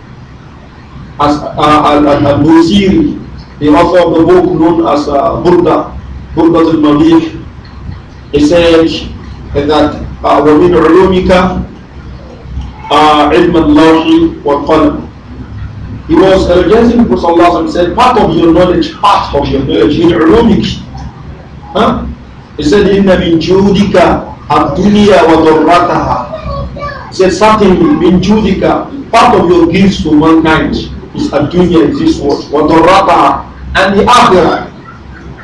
As uh, Al Al-Busiri, the author of the book known as uh, Burda, Burda al-Mawlih, he said that uh, وَمِنْ عُلُومِكَ uh, عِلْمَ اللَّوْحِ وَالْقَلَمِ he was addressing Prophet Sallallahu and said, part of your knowledge, part of your knowledge, in Ulumik. Huh? He said, إِنَّ مِنْ جُودِكَ الدُّنْيَا وَضُرَّتَهَا said certainly in judika part of your gifts to mankind is a dunya in this world wadarrata and the akhirah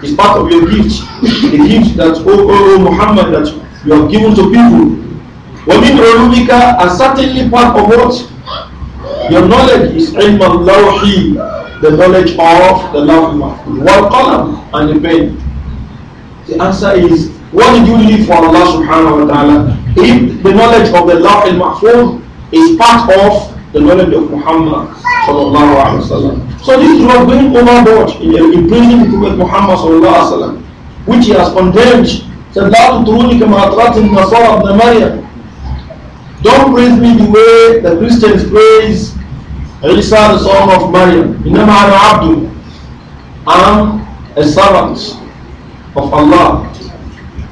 is part of your gift the gift that oh, oh, oh Muhammad that you have given to people ومن rubika? are certainly part of what your knowledge is ilm al the knowledge of the of one column and the pen the answer is what did you need for Allah subhanahu wa ta'ala if the knowledge of the law and mahfuz is part of the knowledge of Muhammad sallallahu alaihi wasallam. So this is what going overboard in imprisoning the Prophet Muhammad sallallahu alaihi wasallam, which he has condemned. Said, "La tutruni kama atratin nasara ibn Maryam." Don't praise me the way the Christians praise Isa, the son of Maryam. Innama ana abdu. I'm a servant of Allah.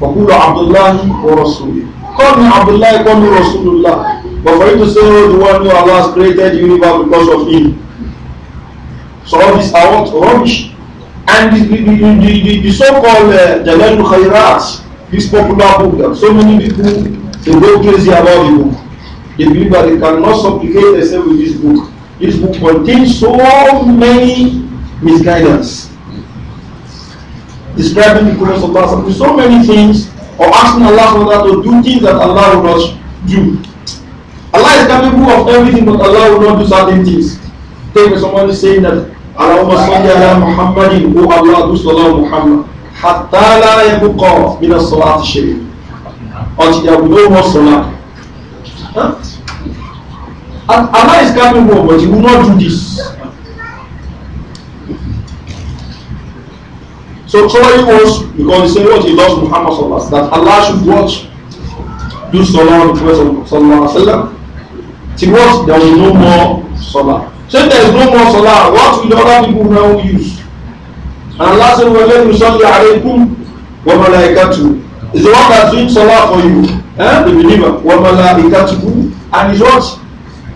فقولوا عبد الله ورسوله Call me Abdullah, call me Rasulullah. But for you to say, oh, the one who Allah has created the universe because of him. So all these are all rubbish. And the, the, the, the, the so-called uh, Jalal Khairat, this popular book that so many people, they go crazy about the book. They believe that they cannot supplicate themselves with this book. This book contains so many misguidance. Describing the Quran of Allah, so many things or asking Allah to do things that Allah will not do. Allah is capable of everything, but Allah will not do certain things. Take somebody saying that Allahumma salli ala Muhammadin, O Allah, do salam Muhammad. Hatta la yabuqa min as-salat shay. Until there will no more salat. Huh? Allah is capable, but he will not do this. So somebody wants, because he said what he loves Muhammad Sallallahu that Allah should watch, do Salah the Prophet Sallallahu Alaihi Wasallam. He what? There will no more Salah. Since there is no more Salah, what will other people now use? And Allah said, وَلَنْ يُصَلِّ عَلَيْكُمْ وَمَلَائِكَتُهُ Is the one that doing Salah for you, eh? the believer, وَمَلَائِكَتُهُ And his what?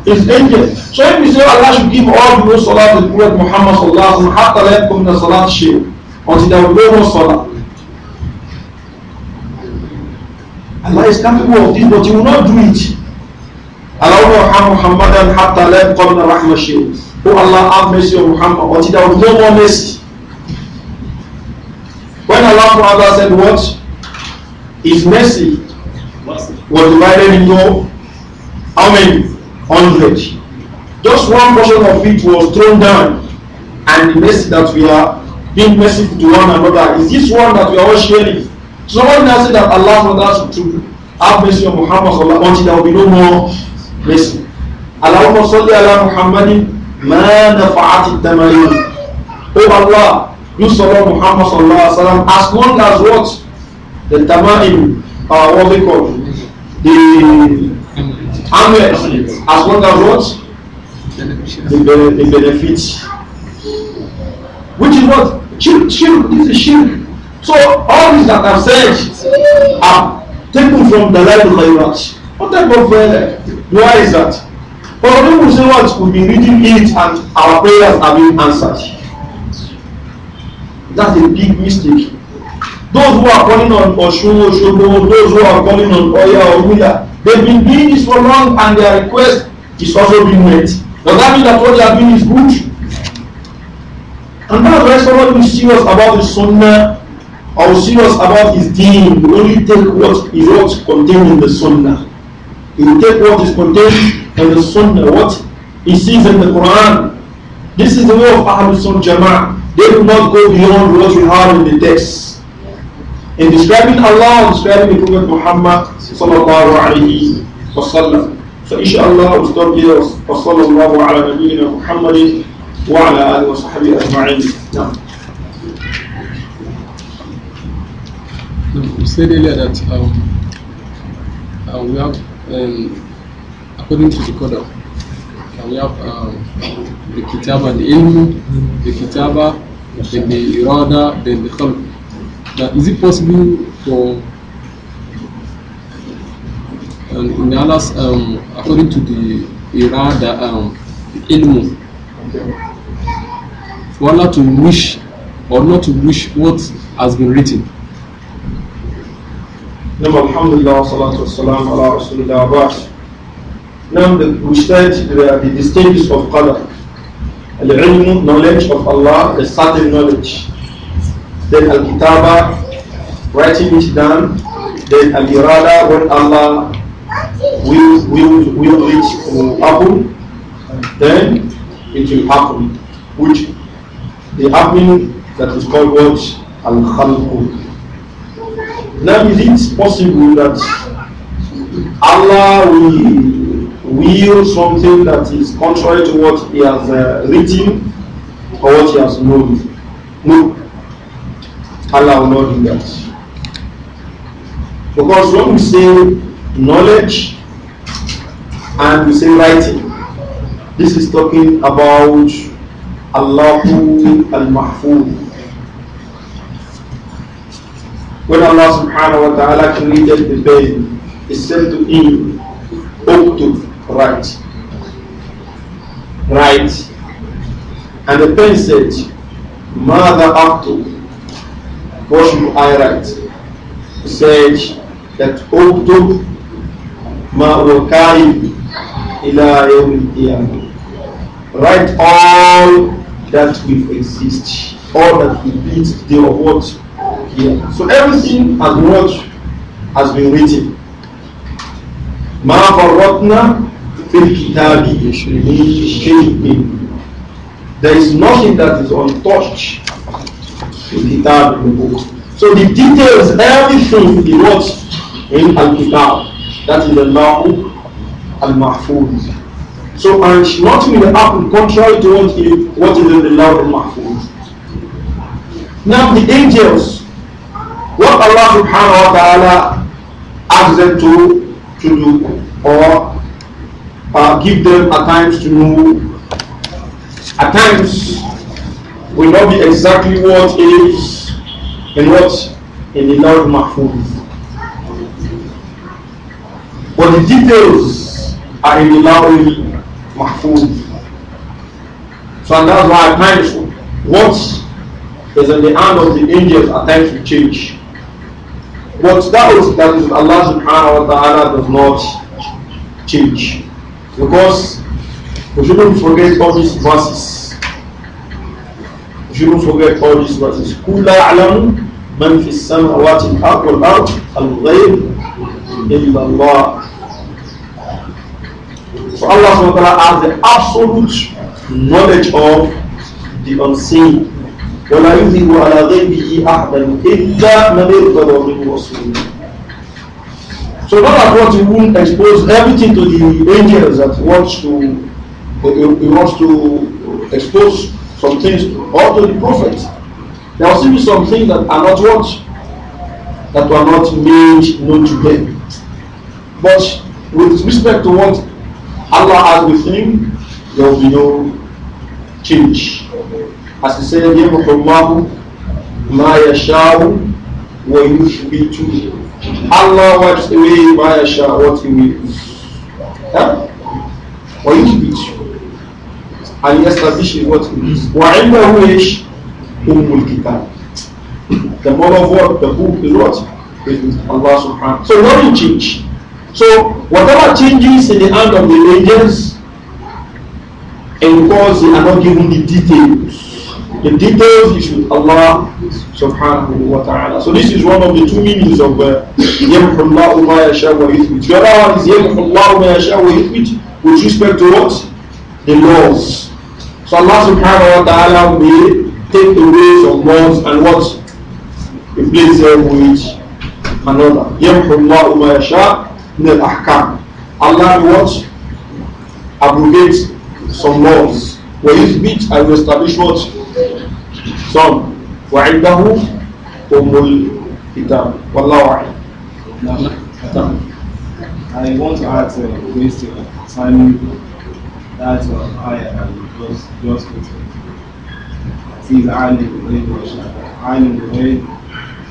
His angels. So if you say Allah should give all the Salah to the Prophet Muhammad Sallallahu Alaihi Wasallam, come لَيَكُمْ Salah share until there will be no salah. Allah is capable of this, but He will not do it. Allah Muhammadan hatta lam qabla rahmashin. O oh Allah, have mercy on Muhammad, until there will be no more mercy. When Allah Ta'ala said what? His mercy was divided into how many? Hundred. Just one portion of it was thrown down, and the mercy that we are being merciful to one another is this one that we are all sharing. So when I say that Allah for us to have mercy on Muhammad sallallahu until there will be no more mercy. Allahumma salli ala Muhammadin ma nafa'ati tamayin. Oh Allah, do salam Muhammad sallallahu alaihi wasallam as long as what the tamayin uh, what we call the amulet as long as what the, the, the benefits which is what Shirk, shirk, this is shirk. So all these that I've said are taken from the life of Khairat. What type of uh, dua is that? For people say what we've been reading it and our prayers are being answered. That's a big mistake. Those who are calling on Oshun, Oshogo, those who are calling on Oya, or Oguya, they've been doing this for long and their request is also being met. Does that mean that what they are doing is good? And that's why someone who's serious about his sunnah or serious about his deen will only take what is what contained in the sunnah. He will take what is contained in the sunnah, what he sees in the Quran. This is the way of Ahlul Sunnah Jama'ah. They do not go beyond what we have in the text. In describing Allah, describing the Prophet Muhammad sallallahu alayhi wa sallam. So inshallah we'll stop here. وصلى الله على نبينا محمد وعلى آله وصحبه أجمعين نعم
We said earlier that um, uh, we have, um, according to the Qadr, uh, we have um, the Kitaba, the Ilm, the Kitaba, then the Irada, then the Khalq. Now, is it possible for um, in Allah's, um, according to the Irada, um, Ilmu, for Allah to wish or not to wish what has been written.
Now, Alhamdulillah, Now, the, we said the, the, the of Qadr. Al-ilm, knowledge of Allah, the certain knowledge. Then Al-Kitaba, writing it down. Then Al-Irada, when Allah will, will, will it to happen, then it will happen. Which The happen that is called what? Al Khalqu. Now, is it possible that Allah will will something that is contrary to what He has uh, written or what He has known? No. Allah will not do that. Because when we say knowledge and we say writing, this is talking about الله al When Allah subhanahu wa ta'ala created the pen, He said to him, Uktub, write. Write. And the pen said, Mother Uktub, what should I write? He said that Uktub ma ila yawm al Write all that will exist or that will be the day what here. Yeah. So everything has what has been written. ما فرطنا في الكتاب من There is nothing that is untouched in the book. So the details, everything is what in Al-Kitab. That is the Lahu Al-Mahfuz. So not nothing will happen contrary to what is in the law of food. Now the angels, what Allah subhanahu wa ta'ala asks them to, to do or uh, give them at times to do, at times will not be exactly what is in what in the law of Mahfuz. But the details are in the law محفوظ So and that's why at times what is in the hand of the angels at times will change. But that is that is Allah subhanahu wa ta'ala does not change. Because we shouldn't forget all these verses. We shouldn't forget all these verses. قُلْ أَعْلَمُ مَنْ فِي السَّمَاوَاتِ الْأَرْضِ وَالْأَرْضِ الْغَيْبِ إِلَّا اللَّهِ So Allah has the absolute knowledge of the unseen. ولا يذهب على غيبه أحدا إلا من ارتضى من So not that what he won't expose everything to the angels that wants to he wants to expose some things to, or to the prophet. There will still be some things that are not what that were not made known to them. But with respect to what Allah has with him, there will be no change. As he said, يَمْحُ مَا be وَيُثْبِتُ Allah wipes away مَا يَشَاءُ what he wills. Huh? وَيُثْبِتُ and he establishes what he wills. وَعِنْدَهُ إِيش أُمُّ الْكِتَابِ The mother of what? The book is what? Allah subhanahu wa Taala. So nothing change. So whatever changes in the hand of the angels, and because they are not giving the details. The details is with Allah subhanahu wa ta'ala. So this is one of the two meanings of uh, Yamhullahu ma yasha wa The other one is Yamhullahu ma yasha wa with respect to what? The laws. So Allah subhanahu wa ta'ala may take away some laws and what? Replace them with another. min ahkam Allah what? Abrogate some laws. ويثبت and establish what? Some. وعنده أم الكتاب والله أعلم. I want to add to this time that uh, I am just just with عالم الغيب عالم الغيب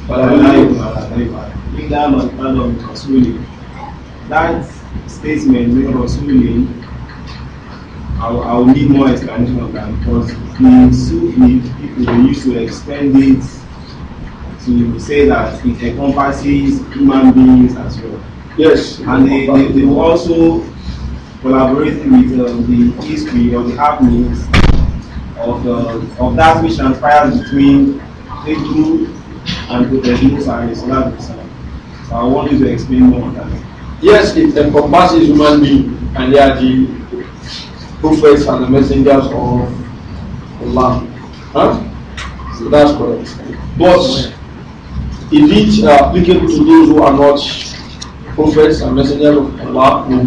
ولا لا يقبل على غيبه إلا من قال من رسوله that statement made us really, I'll, I'll need more explanation of that because in Sufi, people used to extend it to say that it encompasses human beings as well. Yes. And they, they, they were also collaborating with um, the history or the happenings of, uh, of that which transpires between Hebrew and the Muslims. So I want you to explain more on that. Yes, it encompasses human being and they are the prophets and the messengers of Allah. Huh? So that's correct. But if it is uh, applicable to those who are not prophets and messengers of Allah? No.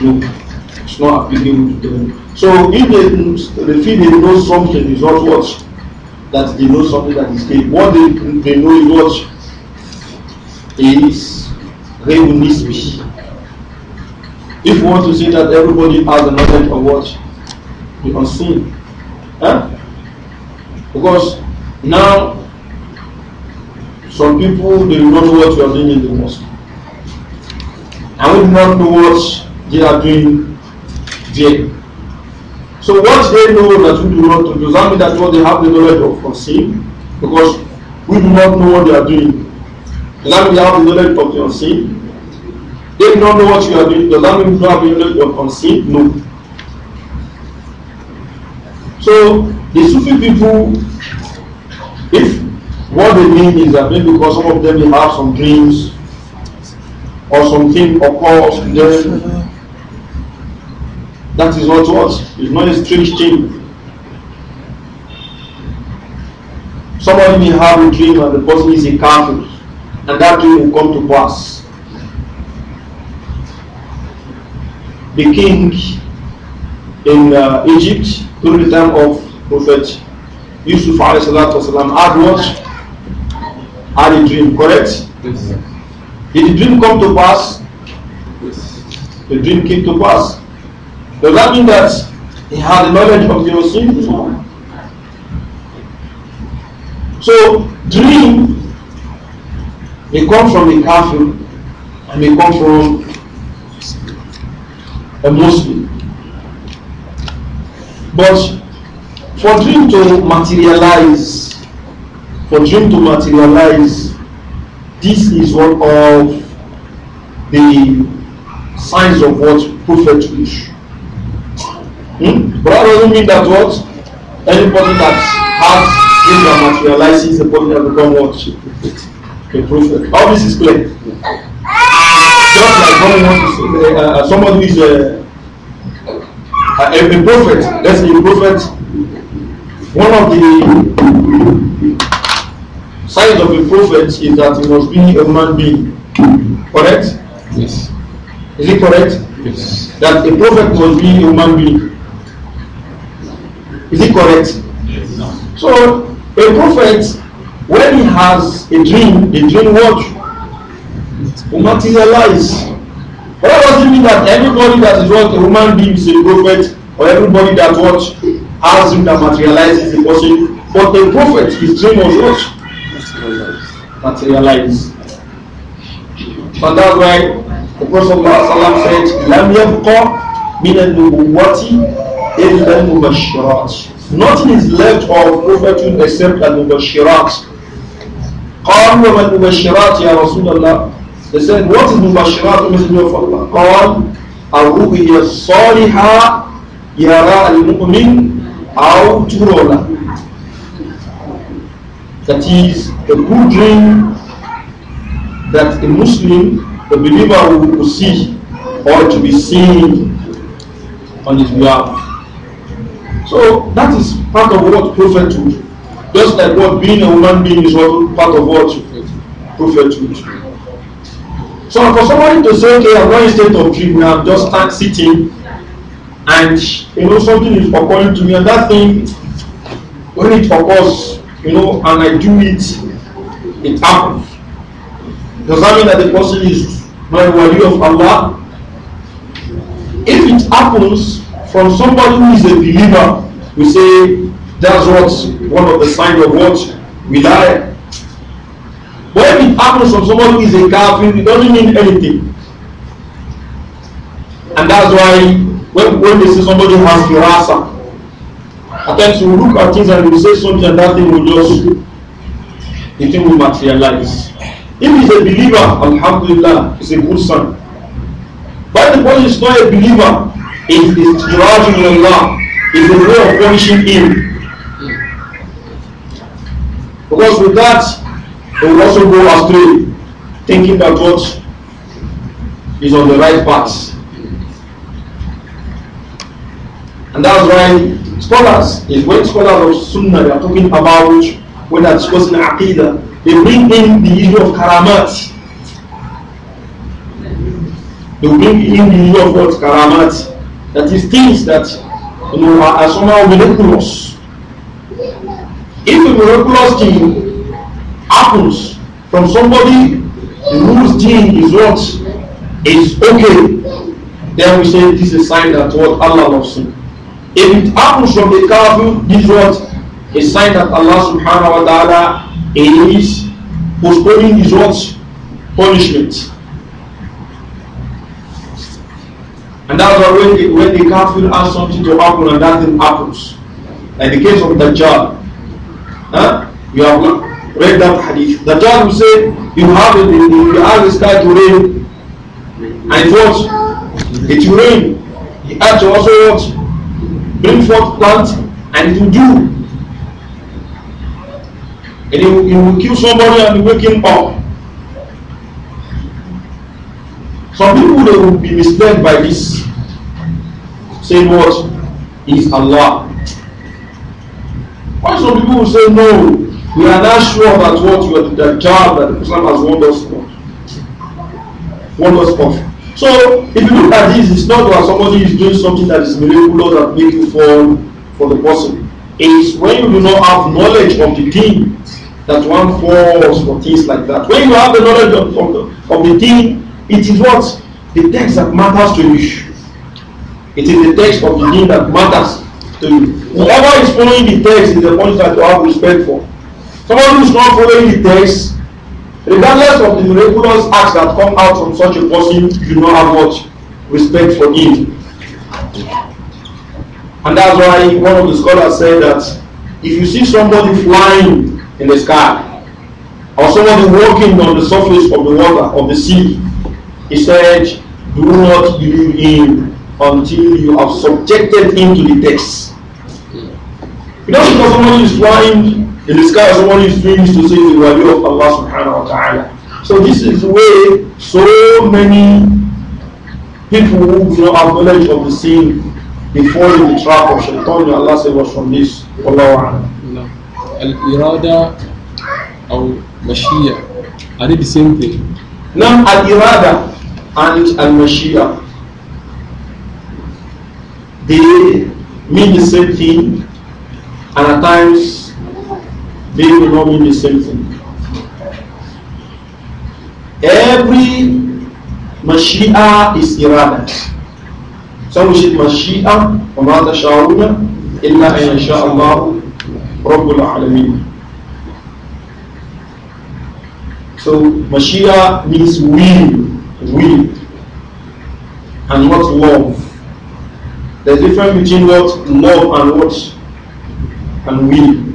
No. It's not applicable to them. So if they, they feel they know something is not what? That they know something that is good. What they, they know is what? is miss me? If we want to say that everybody has a knowledge of what? we consume, Huh? Because now some people they don't know what you are doing in the mosque. And we do not know what they are doing there. So once they know that we do not know, does that mean that what they have the knowledge of consume, Because we do not know what they are doing. The Lamb you have loaded up your sin. They do not know what you are doing. The Lamb will not have loaded up on sin. No. So the Sufi people, if what they mean is that maybe because some of them may have some dreams or something occurs to them, that is it was it's not a strange thing. Somebody may have a dream and the person is a kafir and that too will come to pass. The king in uh, Egypt during the time of Prophet Yusuf والسلام, had what? Had a dream, correct? Yes. Did the dream come to pass? Yes. The dream came to pass. Does that mean that he had the knowledge of the unseen? So, dream may come from a Catholic and may come from a Muslim. But for dream to materialize, for dream to materialize, this is one of the signs of what prophet wish. Hmm? But that doesn't mean that what anybody that has dream that materializes the body has become what prove that. All this is clear. Just like someone wants to say, uh, uh someone who is a, uh, uh, a, a prophet, let's say a prophet, one of the signs of a prophet is that he must be a human being. Correct? Yes. Is it correct? Yes. That a prophet must be a human being. Is it correct? Yes. No. So a prophet when he has a dream, the dream what? Will materialize. But that doesn't mean that everybody that is what a human being is a prophet, or everybody that what has him that materializes a person. But a prophet, his dream was what? Materialize. So that's why the Prophet ﷺ said, Lam yabqa min al-nubuwati illa Nothing is left of prophethood except al-mubashirat, قال وما المبشرات يا رسول الله They said, what is the Messenger of Allah? قال الرؤيا الصالحة يرى المؤمن أو ترى That is a good dream that a Muslim, a believer will see or to be seen on his behalf. So that is part of what prophethood Just like what being a woman being is what part of what you prophethood. So for somebody to say, okay, I'm not in state of dream, I'm just stand sitting, and you know something is occurring to me, and that thing, when it occurs, you know, and I do it, it happens. Does that mean that the person is not wali of Allah? If it happens from somebody who is a believer, we say that's what one of the signs of what? We lie. But it happens from someone who is a kafir, it doesn't mean anything. And that's why when, when they see somebody has firasa, at times you look at things and you say something and that thing will just, the thing will materialize. If he's a believer, Alhamdulillah, he's a good son. But the person is not a believer, it is Allah, it's a way of punishing him. Because with that, we will also go astray, thinking that what is on the right path. And that's why scholars, if when scholars of Sunnah they are talking about when they're discussing Aqidah, they bring in the issue of Karamat. They bring in the issue of what Karamat. That is things that you know are, are somehow miraculous. If a miraculous thing happens from somebody whose thing is what is okay, then we say this is a sign that what Allah loves him. If it happens from the kafir, this is what a sign that Allah subhanahu wa ta'ala is postponing his what punishment. And that's why when the, when the kafir asks something to happen and nothing happens, like the case of Dajjal, Huh? You have read that hadith. The John who said, you have it, you ask the sky to rain, and it what? It will rain. The earth will also what? Bring forth plants, and it will do. And it will, will kill somebody and wake him up. Some people they will be misled by this, saying what is Allah. Some people will say, no, we are not sure that what you are, the job that Islam has warned us of. Warned us of. So, if you look at this, it's not that somebody is doing something that is miraculous that makes you fall for the person. It's when you do not have knowledge of the thing that one falls for things like that. When you have the knowledge of, of, the, of the thing, it is what? The text that matters to you. It is the text of the thing that matters to you. Whoever is following the text is the one that you have respect for. Someone who is not following the text, regardless of the miraculous acts that come out from such a person, you do not have much respect for him. And that's why one of the scholars said that if you see somebody flying in the sky, or somebody walking on the surface of the water, of the sea, he said, do not believe him until you have subjected him to the text. Not because someone is blind in the sky, someone is doing this to say the value of Allah subhanahu wa ta'ala. So this is the way so many people who do not have knowledge of the sin before in the trap of shaitan. Allah save us from this.
Al-irada or mashia, are they the same thing?
Now al-irada and al-mashia, they mean the same thing And at times, they will not mean the same thing. Every Mashia is irada. Some wish it Mashia, Mamata Shahuna, Illa أَنْ يَشَاءَ Rabbul Alameen. So Mashia means will, will, and not love. The difference between what love and what can win.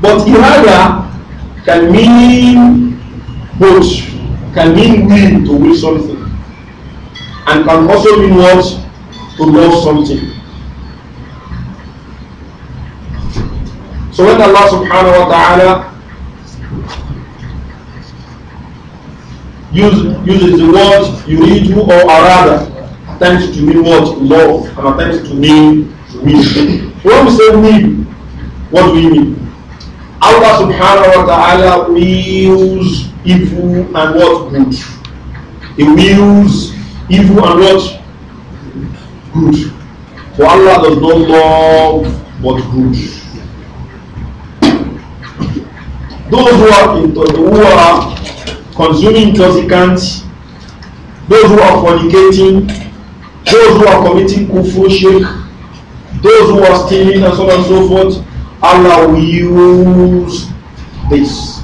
But irada can mean both, can mean will to will something, and can also mean what? To love something. So when Allah subhanahu wa ta'ala use, uses the word yuridu or arada, attempts to mean what? Love, and attempts to mean When we say mean, what do we mean? Allah subhanahu wa ta'ala wills evil and what good. He wills evil and what good. For Allah does not love but good. Those who are, into, who are consuming intoxicants, those who are fornicating, those who are committing kufr shake. those who are stealing and so on and so forth, Allah will use this.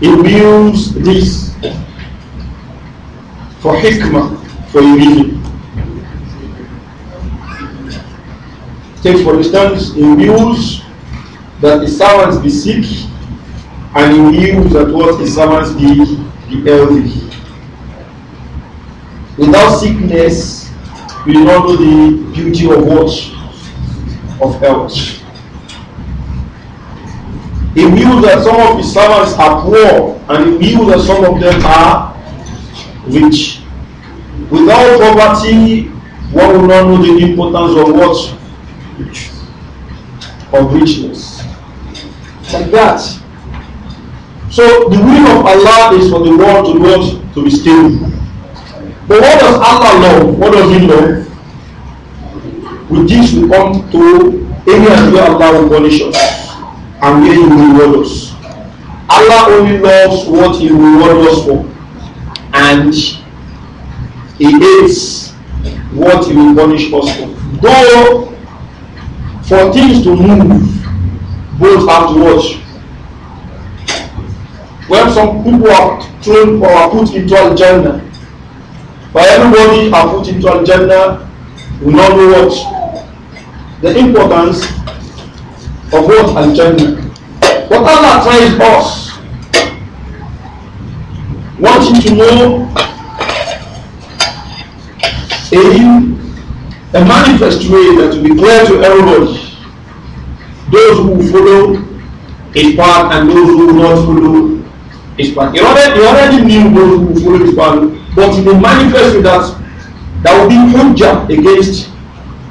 He will use this for hikmah, for reason. Take for instance, he will that the servants be sick and he will that what the servants be, be healthy. Without sickness, We do not know the beauty of what? Of health. He knew that some of his servants are poor and he knew that some of them are rich. Without poverty, one will not know the importance of what? Of richness. Like that. So the will of Allah is for the world to what? To be stable. But what does Allah love? What does He love? With this, we come to areas where Allah will punish us and where He will reward us. Allah only loves what He will reward us for, and He hates what He will punish us for. Though, for things to move, both have to watch. When some people are thrown or are put into Al Jannah, But everybody are put into agenda. We will know what the importance of what agenda. jannah What Allah tries us, wanting to know a, a manifest way that will be clear to everybody. Those who follow his path and those who do not follow his path. He already, he already knew those who follow his path But it will manifest with that. That will be hujjah against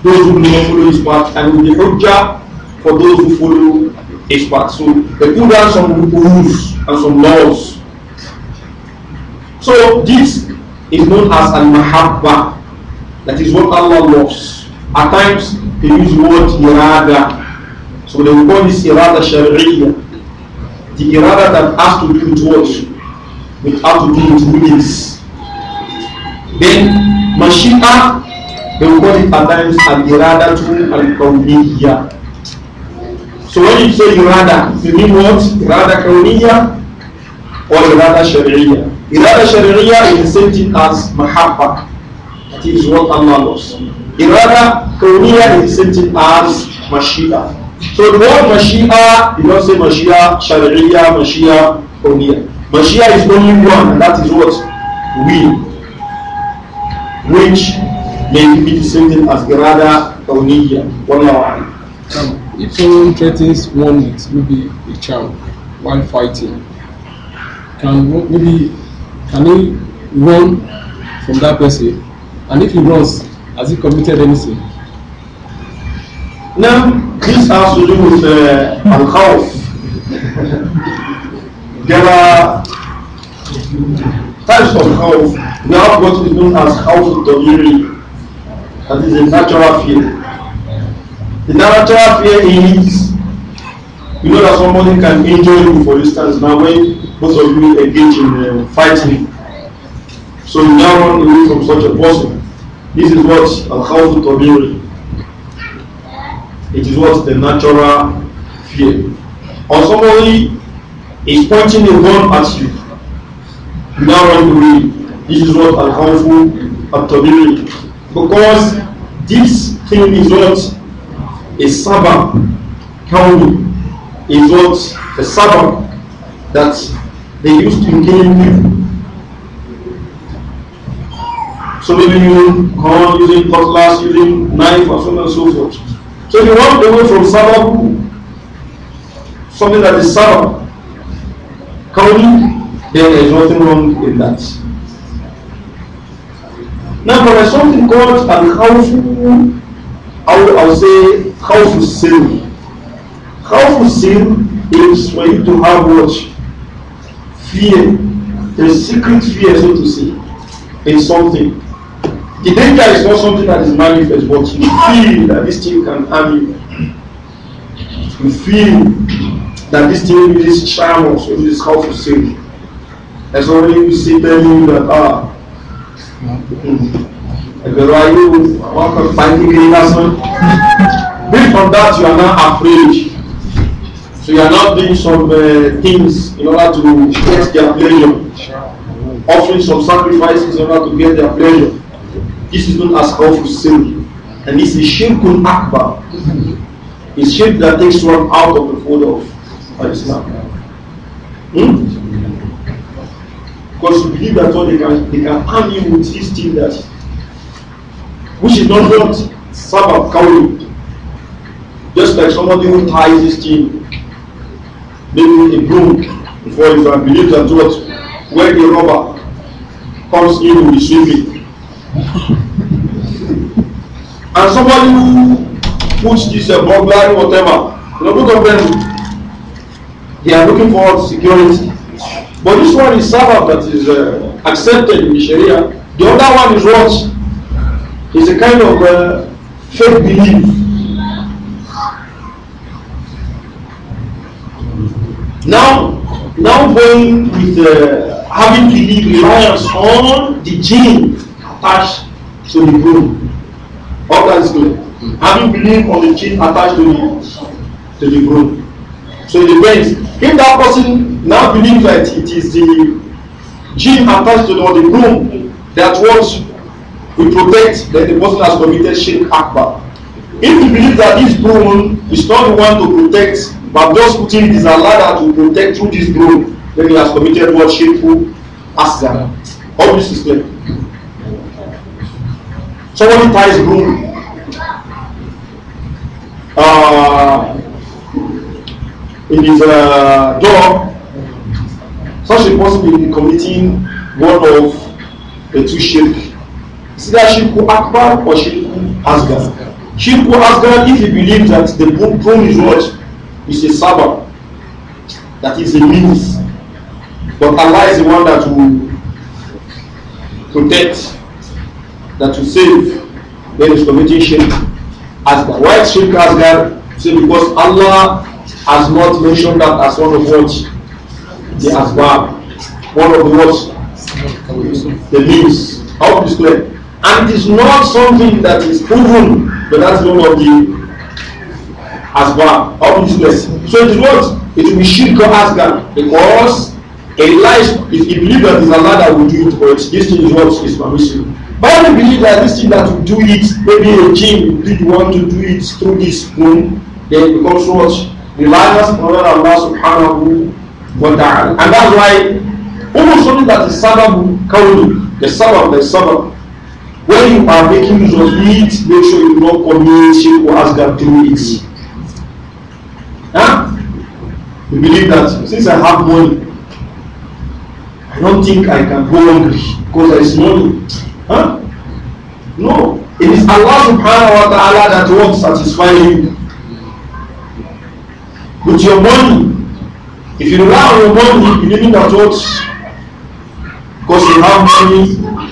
those who do not follow his path and will be hujjah for those who follow his path. So they put down some rules and some laws. So this is known as al mahabba. That is what Allah loves. At times they use the word irada. So they will call this irada shari'iyya. The irada that has to do with what? With how to do with means. Then Mashita, they will call it at times Al-Iradatu Al-Kawniyya. So when you say Irada, you mean what? Irada Kawniyya or Irada Shari'iyya. Irada Shari'iyya is the same thing as Mahabba. That is what Allah loves. Irada Kawniyya is the same thing as Mashita. So the word Mashia, you don't say Mashia, Shari'iyya, Mashia, Kawniyya. Mashia is only one, and that is what? we. which may be the same thing as irada or wallahu um, if
someone threatens one with maybe a child while fighting, can maybe can he run from that person? And if he runs, has he committed anything?
Now, this has to do with uh, al There are types of khawf we have what is known as house of dominion. That is a natural fear. The natural fear is you know that somebody can injure you, for instance. Now, when both of you engage in uh, fighting, so you now run away from such a person. This is what al khawf tabiri. It is what the natural fear. Or somebody is pointing a gun at you. You now run away. This is what al harfu at-tabi'i. Because this thing is not a sabah county is not a sabah that they used to kill people. So maybe you come using cutlass, using knife, or so on and so forth. So you walk away from sabah, something that is sabah county, then there is nothing wrong in that. Now for something called al khawfu or I'll say khawfu sin. Khawfu sin is for you to have what? Fear. The secret fear, so to say, in something. The danger is not something that is manifest, but you feel that this thing can harm you. You feel that this thing, this charm, so this is how to sin. As already you see telling you that ah ẹ̀bẹ̀rù ayé wo wọ́n kọ́ pàdégé lásán based on that you are now afraid so you are now doing some uh, things in order to get their pleasure offering some sacrifices in order to get their pleasure this is known as kawfu sin and this is shirkun akbar it's shirk that takes one out of the fold of Islam. Hmm? Because you believe that what they can they can harm you with this thing that which is not what Sabbath carry. Just like somebody who ties this thing, maybe a broom before you can believe that what when the robber comes in will be swimming. and somebody who puts this uh, burglary, whatever, you know, look at They are looking for security. But this one is sabbath that is uh, accepted in Sharia. The other one is what? It's a kind of uh, fake belief. Now, now going with uh, having belief reliance on the gene attached to the groom. All that is good. Having belief on the gene attached to the to the groom. So it depends. If that person now believe that it is the jinn attached to the, or the broom that once to protect, that the person has committed shirk akbar. If you believe that this broom is not the one to protect, but just putting it is a ladder to protect through this broom, then he has committed what shameful asgar. All this is clear. Somebody ties broom. Uh, in his uh, door Such a person may be committing one of the two shirk. Is that shirku akbar or shirku asgar? Shirku asgar, if he believe that the throne is what? Is a sabbath. That is a means. But Allah is the one that will protect, that will save when he's committing shirk asgar. Why shirk asgar? Say because Allah has not mentioned that as one of what? the asbab, one of the
what?
The leaves. of this it's And it's not something that is proven, but that's one of the asbab. of this place. So it is what? It will be shirk or asgard because a lies if he believe that it's Allah that will do it, but this thing is what is permission. But I believe that this thing that will do it, maybe a jinn did want to do it through this spoon, then it becomes what? Reliance on Allah subhanahu وتعالى and that's why almost only that the sabab kawdu the sabab the sabab when you are making use of it make sure you not commit shirk or asgar through it huh? you believe that since I have money I don't think I can go hungry because there is money huh? no it is Allah subhanahu wa ta'ala that won't satisfy you with your money If you rely on your money, you need not what? Because you have money.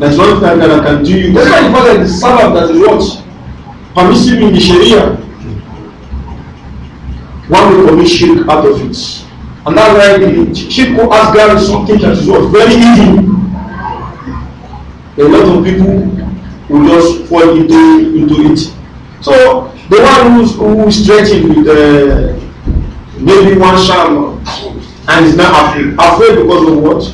There's one thing that I can do you. That's why you call it the Sabbath that is what? Permissive in the Sharia. One will commit shirk out of it. And that's why the shirk will ask God something that is what? Very easy. A lot of people will just fall into, into it. So the one who who's stretching with the uh, maybe one sham and is now afraid. Afraid because of what?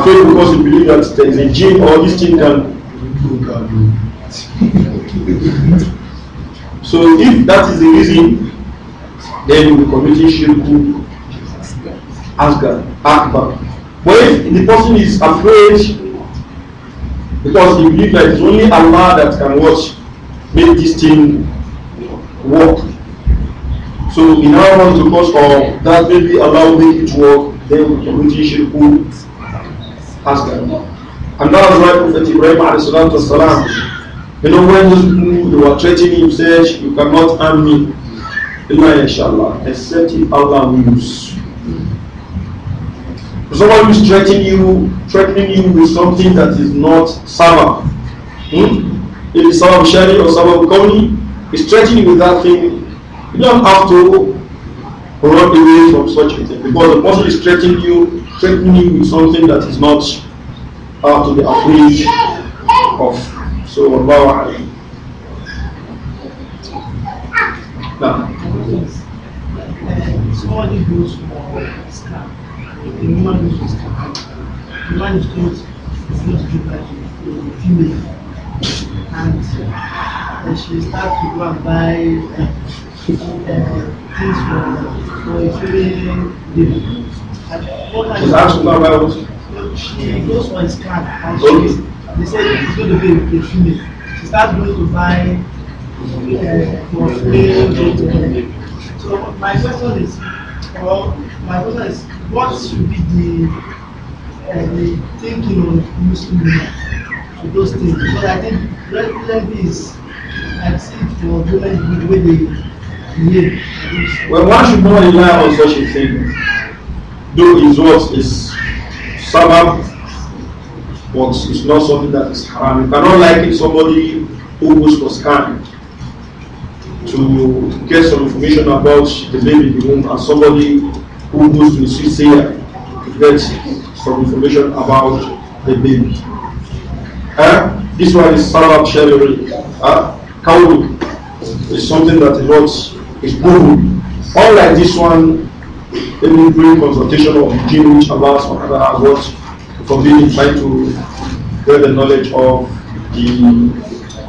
Afraid because he believes that there is a gene or this thing can. so if that is the reason, then you will committing shirk to Asgard, Akbar. But if the person is afraid because he believes that it's only Allah that can watch, make this thing work, So he now wants because of that maybe allow me to work, then we committing shirku as them. And that was why Prophet Ibrahim you know when those people they were threatening him said you cannot harm me inshallah except if Allah wills. Someone who's threatening you, threatening you with something that is not sabah. Hmm? If it's sabah shari or sabah kawni, is threatening you with that thing You don't have to run away from such a thing because the person is threatening you, threatening you with something that is not out to the afraid of. So, Allah Now, somebody goes for a the woman goes for scam, the man is caught, is not driven by the female, and she starts to go and buy. Uh, That's not why I She goes for his card and she they said it's going to be a female. She starts going to buy uh, for female. So my question is, well, my question is, what should be the uh, the thinking of Muslim women to those things? Because I think red flag is I see for women the way Well, one should not rely on such a thing. Do is what is sabbath, but it's not something that is haram. You cannot liken somebody who goes for scan to get some information about the baby in the womb and somebody who goes to the CCA to get some information about the baby. Huh? This one is Sabbath Sherry. Huh? Kauru is something that is not is good. Unlike this one, Let me bring consultation of the jinn, which Allah subhanahu wa ta'ala forbidden Try to get the knowledge of the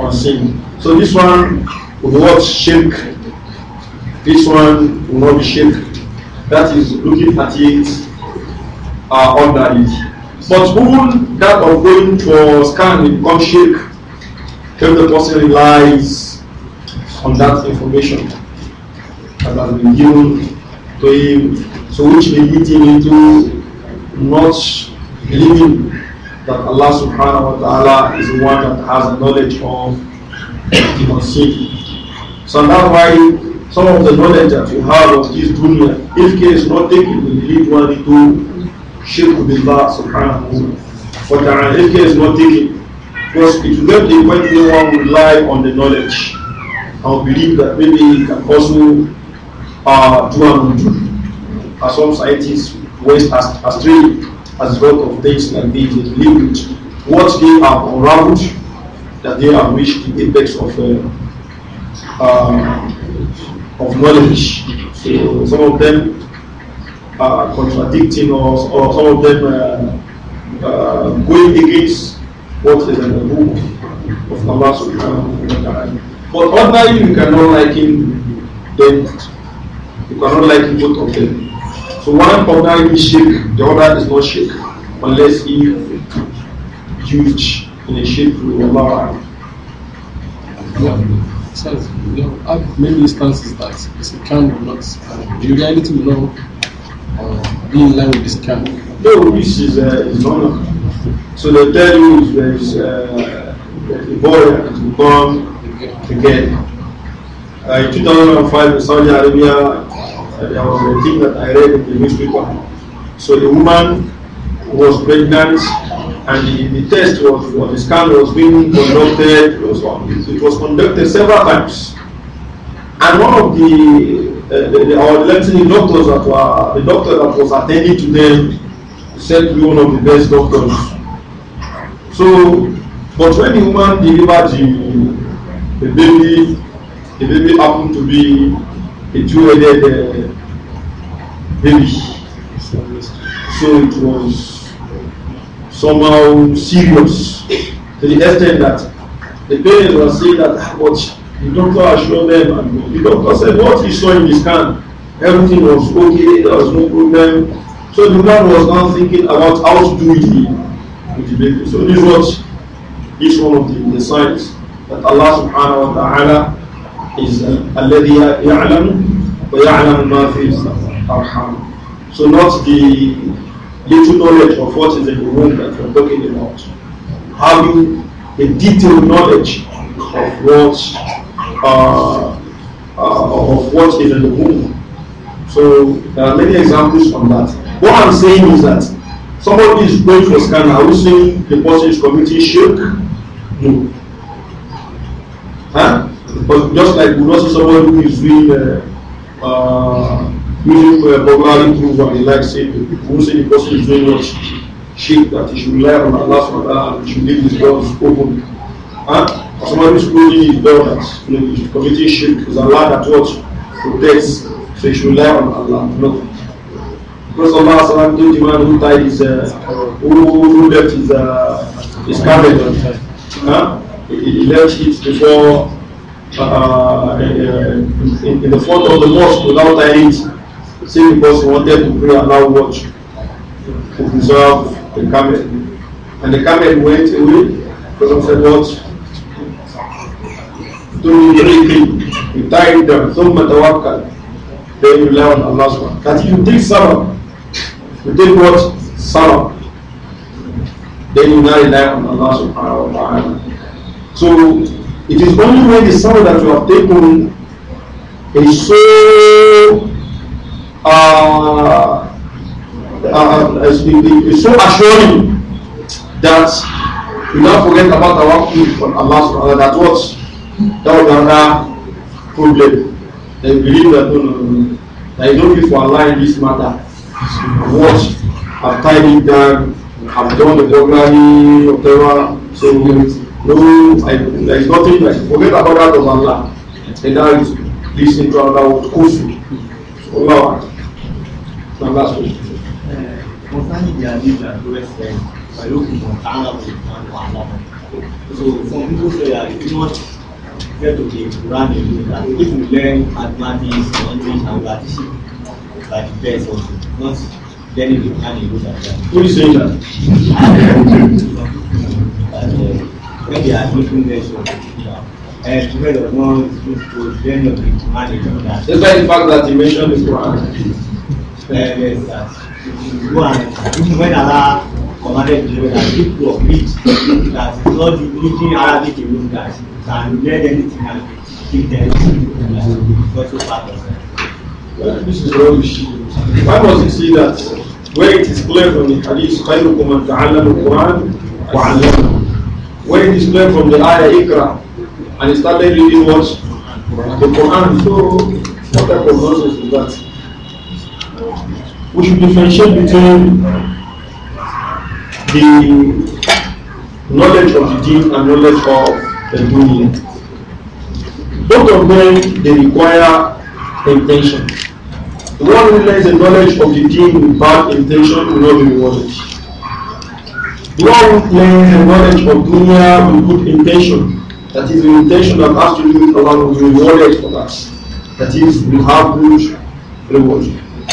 unseen. So this one will not shake. This one will not be shaken. That is looking at it uh, under it. But even that of going for scan will become shake. if the person relies on that information that has been given to him, so which may lead him into not believing that Allah subhanahu wa ta'ala is the one that has knowledge of the unseen. So that's why some of the knowledge that we have of this dunya, if care is not taken, will lead one into shirk with Allah subhanahu wa ta'ala. If care is not taken, because it will not be when anyone will rely on the knowledge. i believe that maybe he can also uh, 200. Uh, some scientists waste as, as three, as a result of things like this. They believe What they have around, that they have reached the apex of uh, uh, of knowledge. So some of them are contradicting us, or some of them uh, uh going against what is in the book of Allah subhanahu wa ta'ala. But ordinarily, you cannot liken them you cannot like both of them. So one ordinarily shirk, the other is not shirk, unless he huge in a shape. to Allah.
Yeah. So, you I have many instances that this can will not, you the reality will not uh, be in line with this can. No,
this is, uh, is normal. So they tell you there uh, is uh, a boy has become a girl. Uh, in 2005 in Saudi Arabia, there was a thing that I read in the newspaper. So the woman was pregnant, and the, the test was, was, the scan was being conducted. It was, it was conducted several times, and one of the uh, the, the, our, let the doctors that were the doctor that was attending to them said to be one of the best doctors. So, but when the woman delivered the, the baby, the baby happened to be a two-headed uh, baby. So it was somehow serious to the extent that the parents were saying that ah, what the doctor assured them and the doctor said what he saw in the scan, everything was okay, there was no problem. So the man was now thinking about how to do it with the baby. So this was each one of the, the signs that Allah subhanahu wa ta'ala is الذي يعلم ويعلم ما في الأرحام. So not the little knowledge of what is in the womb that we're talking about. Having a detailed knowledge of what uh, uh, of what is in the womb. So there are many examples on that. What I'm saying is that somebody is going for scan. Are we saying the person is committing shirk? No. Huh? But just like we also somebody who is doing uh, uh, using a popularity proof and the like, say the people who say the person is doing much shape that he should rely on Allah subhanahu wa and he should leave his doors open. Huh? Or somebody who's closing his door that you know, he's committing shape because Allah that what protects, so he should rely on Allah. No. Because Allah told the man who tied his, uh, who, who left his, uh, his carpet, huh? he, he left it before uh, in, uh, uh, in, the front of the mosque without tying it, simply because he wanted to pray and now watch to preserve the camel. And the camel went away because of said what? do you be very You tied them, ثم توكل. Then you rely on Allah subhanahu That you take sabah. You take what? Sabah. Then you now rely on Allah subhanahu wa ta'ala. So It is only when the sorrow that you have taken is so uh, uh, uh is, so assuring that we don't forget about our food on Allah subhanahu That what? That was another problem. They believe that no, no, no. They don't give for Allah in this matter. What? have tied it down. I've done the doggery, whatever. So, No, I, there is nothing, I forget about that of Allah. Eh, and now you listen to Allah with kufu. Allah. Now that's what Concerning the hadith that we said, by looking for Allah and Allah. So some people say that it's not get to the Quran alone, that if we learn mathematics or English and Latin by the best also, not learning the Quran alone. Who is saying that? Eh, when they are making measures. And spread of one to the end of the manager. Despite the fact that you mentioned the Quran. Uh, yes, that you and even when Allah commanded the that people of it that not using Arabic alone that can learn anything and give them also part of it. Well, this is rubbish. Why must you see that where it is clear from the hadith, خيركم من تعلم القرآن وعلمه when he's playing from the ayah Ikra and he started reading what? The Quran. So, what type of nonsense is that? We should differentiate between the knowledge of the deen and knowledge of the dunya. Both of them, they require intention. The one who learns the knowledge of the deen with bad intention will not be rewarded. One who the knowledge of dunya with good intention, that is, the intention that has to do with Allah will be rewarded for us—that That is, we have good reward.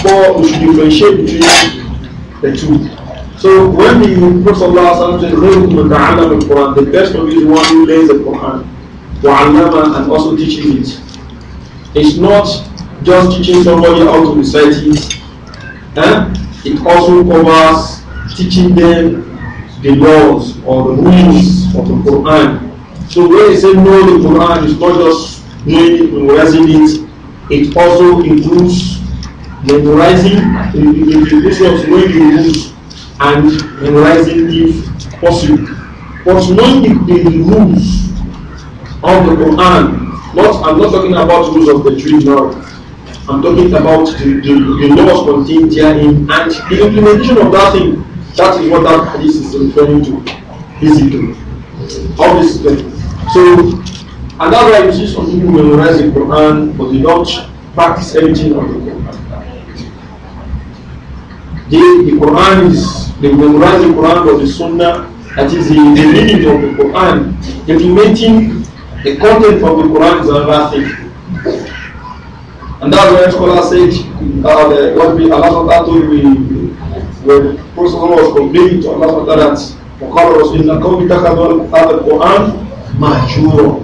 But we should differentiate between the two. So when the Prophet says, the Quran, the best of the one who lays the Quran, وَعَلَّمَ and also teaches it. It's not just teaching somebody how to recite it. Eh? It also covers teaching them the laws or the rules of the Quran. So when you say know the Quran, it's not just knowing memorizing it, it also includes memorizing the inclusion of knowing the rules and memorizing if possible. But knowing the, the rules of the Quran, not I'm not talking about rules of the tree now. I'm talking about the, the, the laws contained therein and the implementation of that thing that is what that hadith is referring to, basically. Obviously. So, another way why you see some people memorize the Quran, but they don't practice everything on the Quran. the Quran is, they memorize the Quran, but the Sunnah, that is the, the meaning of the Quran, implementing the content of the Quran is another thing. And that's why scholars said, uh, what we, Allah told we when the Prophet was complaining to Allah that وقال رسول الله قوم اتخذوا هذا القرآن مهجورا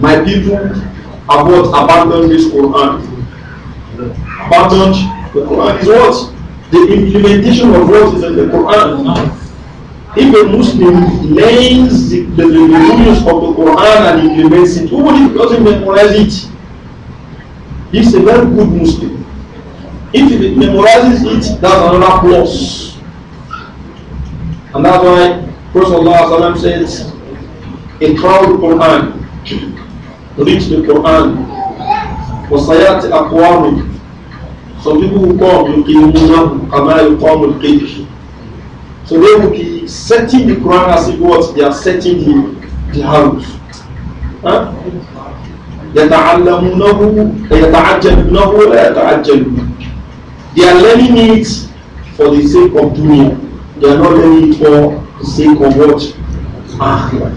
My people have not abandoned this Quran. Abandoned the Quran is what? The implementation of what is in the Quran. If a Muslim learns the, the, the, rules of the Quran and implements it, who doesn't memorize it? He's a very good Muslim. If he memorizes it, that's another plus. And that's why Prophet Allah says, a crowd Quran, read the Quran. For sayat أَقْوَامٍ Some people will come, يُقِيمُونَهُ كَمَا يُقَامُ الْقِيمِ So they will be setting the Quran as if what they are setting the, the house. Huh? يَتَعَلَّمُونَهُ يَتَعَجَّلُونَهُ وَلَا يَتَعَجَّلُونَ They are learning it for the sake of dunya. They are not learning it for the sake of what? Akhirah.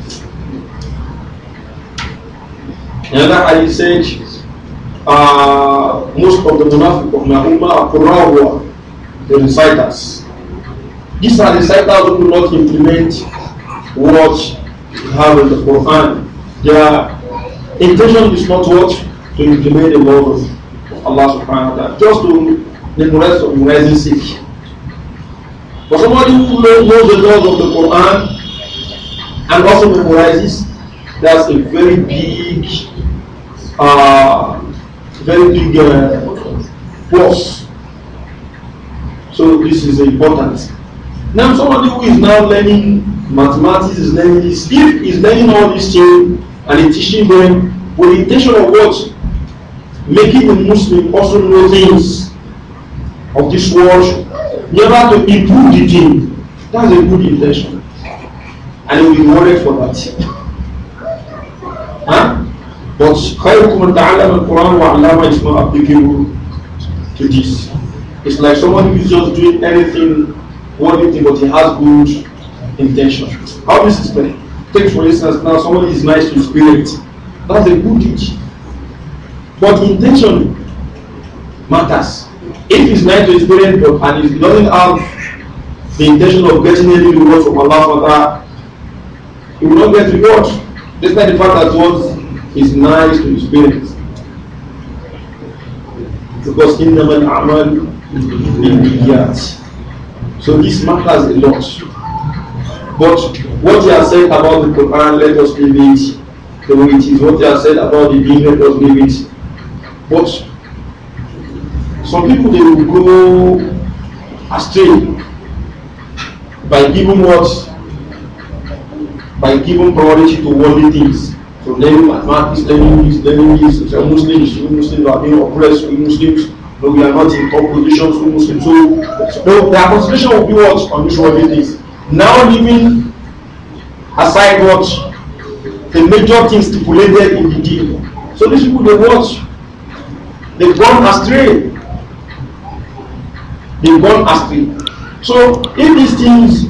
Another hadith said, uh, most of the munafiq of my are the reciters. These are reciters who do not implement what we have in the Quran. Their intention is not what to implement the laws of Allah subhanahu wa ta'ala, just to the rest of Muezzin But somebody who knows the laws of the Quran and also memorizes, that's a very big, uh, very big uh, plus. So this is important. Now somebody who is now learning mathematics is learning this, if is learning all these things and he's teaching them with the intention of what? Making the Muslim also know things of this world never to improve the thing that's a good intention and you be rewarded for that huh? but خيركم تعلم القرآن وعلم is not applicable to this it's like someone who is just doing anything one thing but he has good intention how this is better take for instance now somebody is nice to spirit that's a good deed but intention matters If he's meant to his parent and if he doesn't have the intention of getting any reward from Allah, he will not get reward. Despite the fact that what is nice to his parents. Because in the man amal So this matters a lot. But what he has said about the Quran, let us leave it the way it is. What he has said about the being, let us leave it. But Some people they will go astray by giving what? By giving priority to worldly things. So learning mathematics, learning this, learning this. If you're Muslims, you Muslims are being oppressed, we Muslims. No, we are not in top positions, we Muslims. So, no, their concentration will be what? On these worldly things. Now leaving aside what? The major things stipulated in the deal. So these people, they watch. They've gone astray they've gone astray. So if these things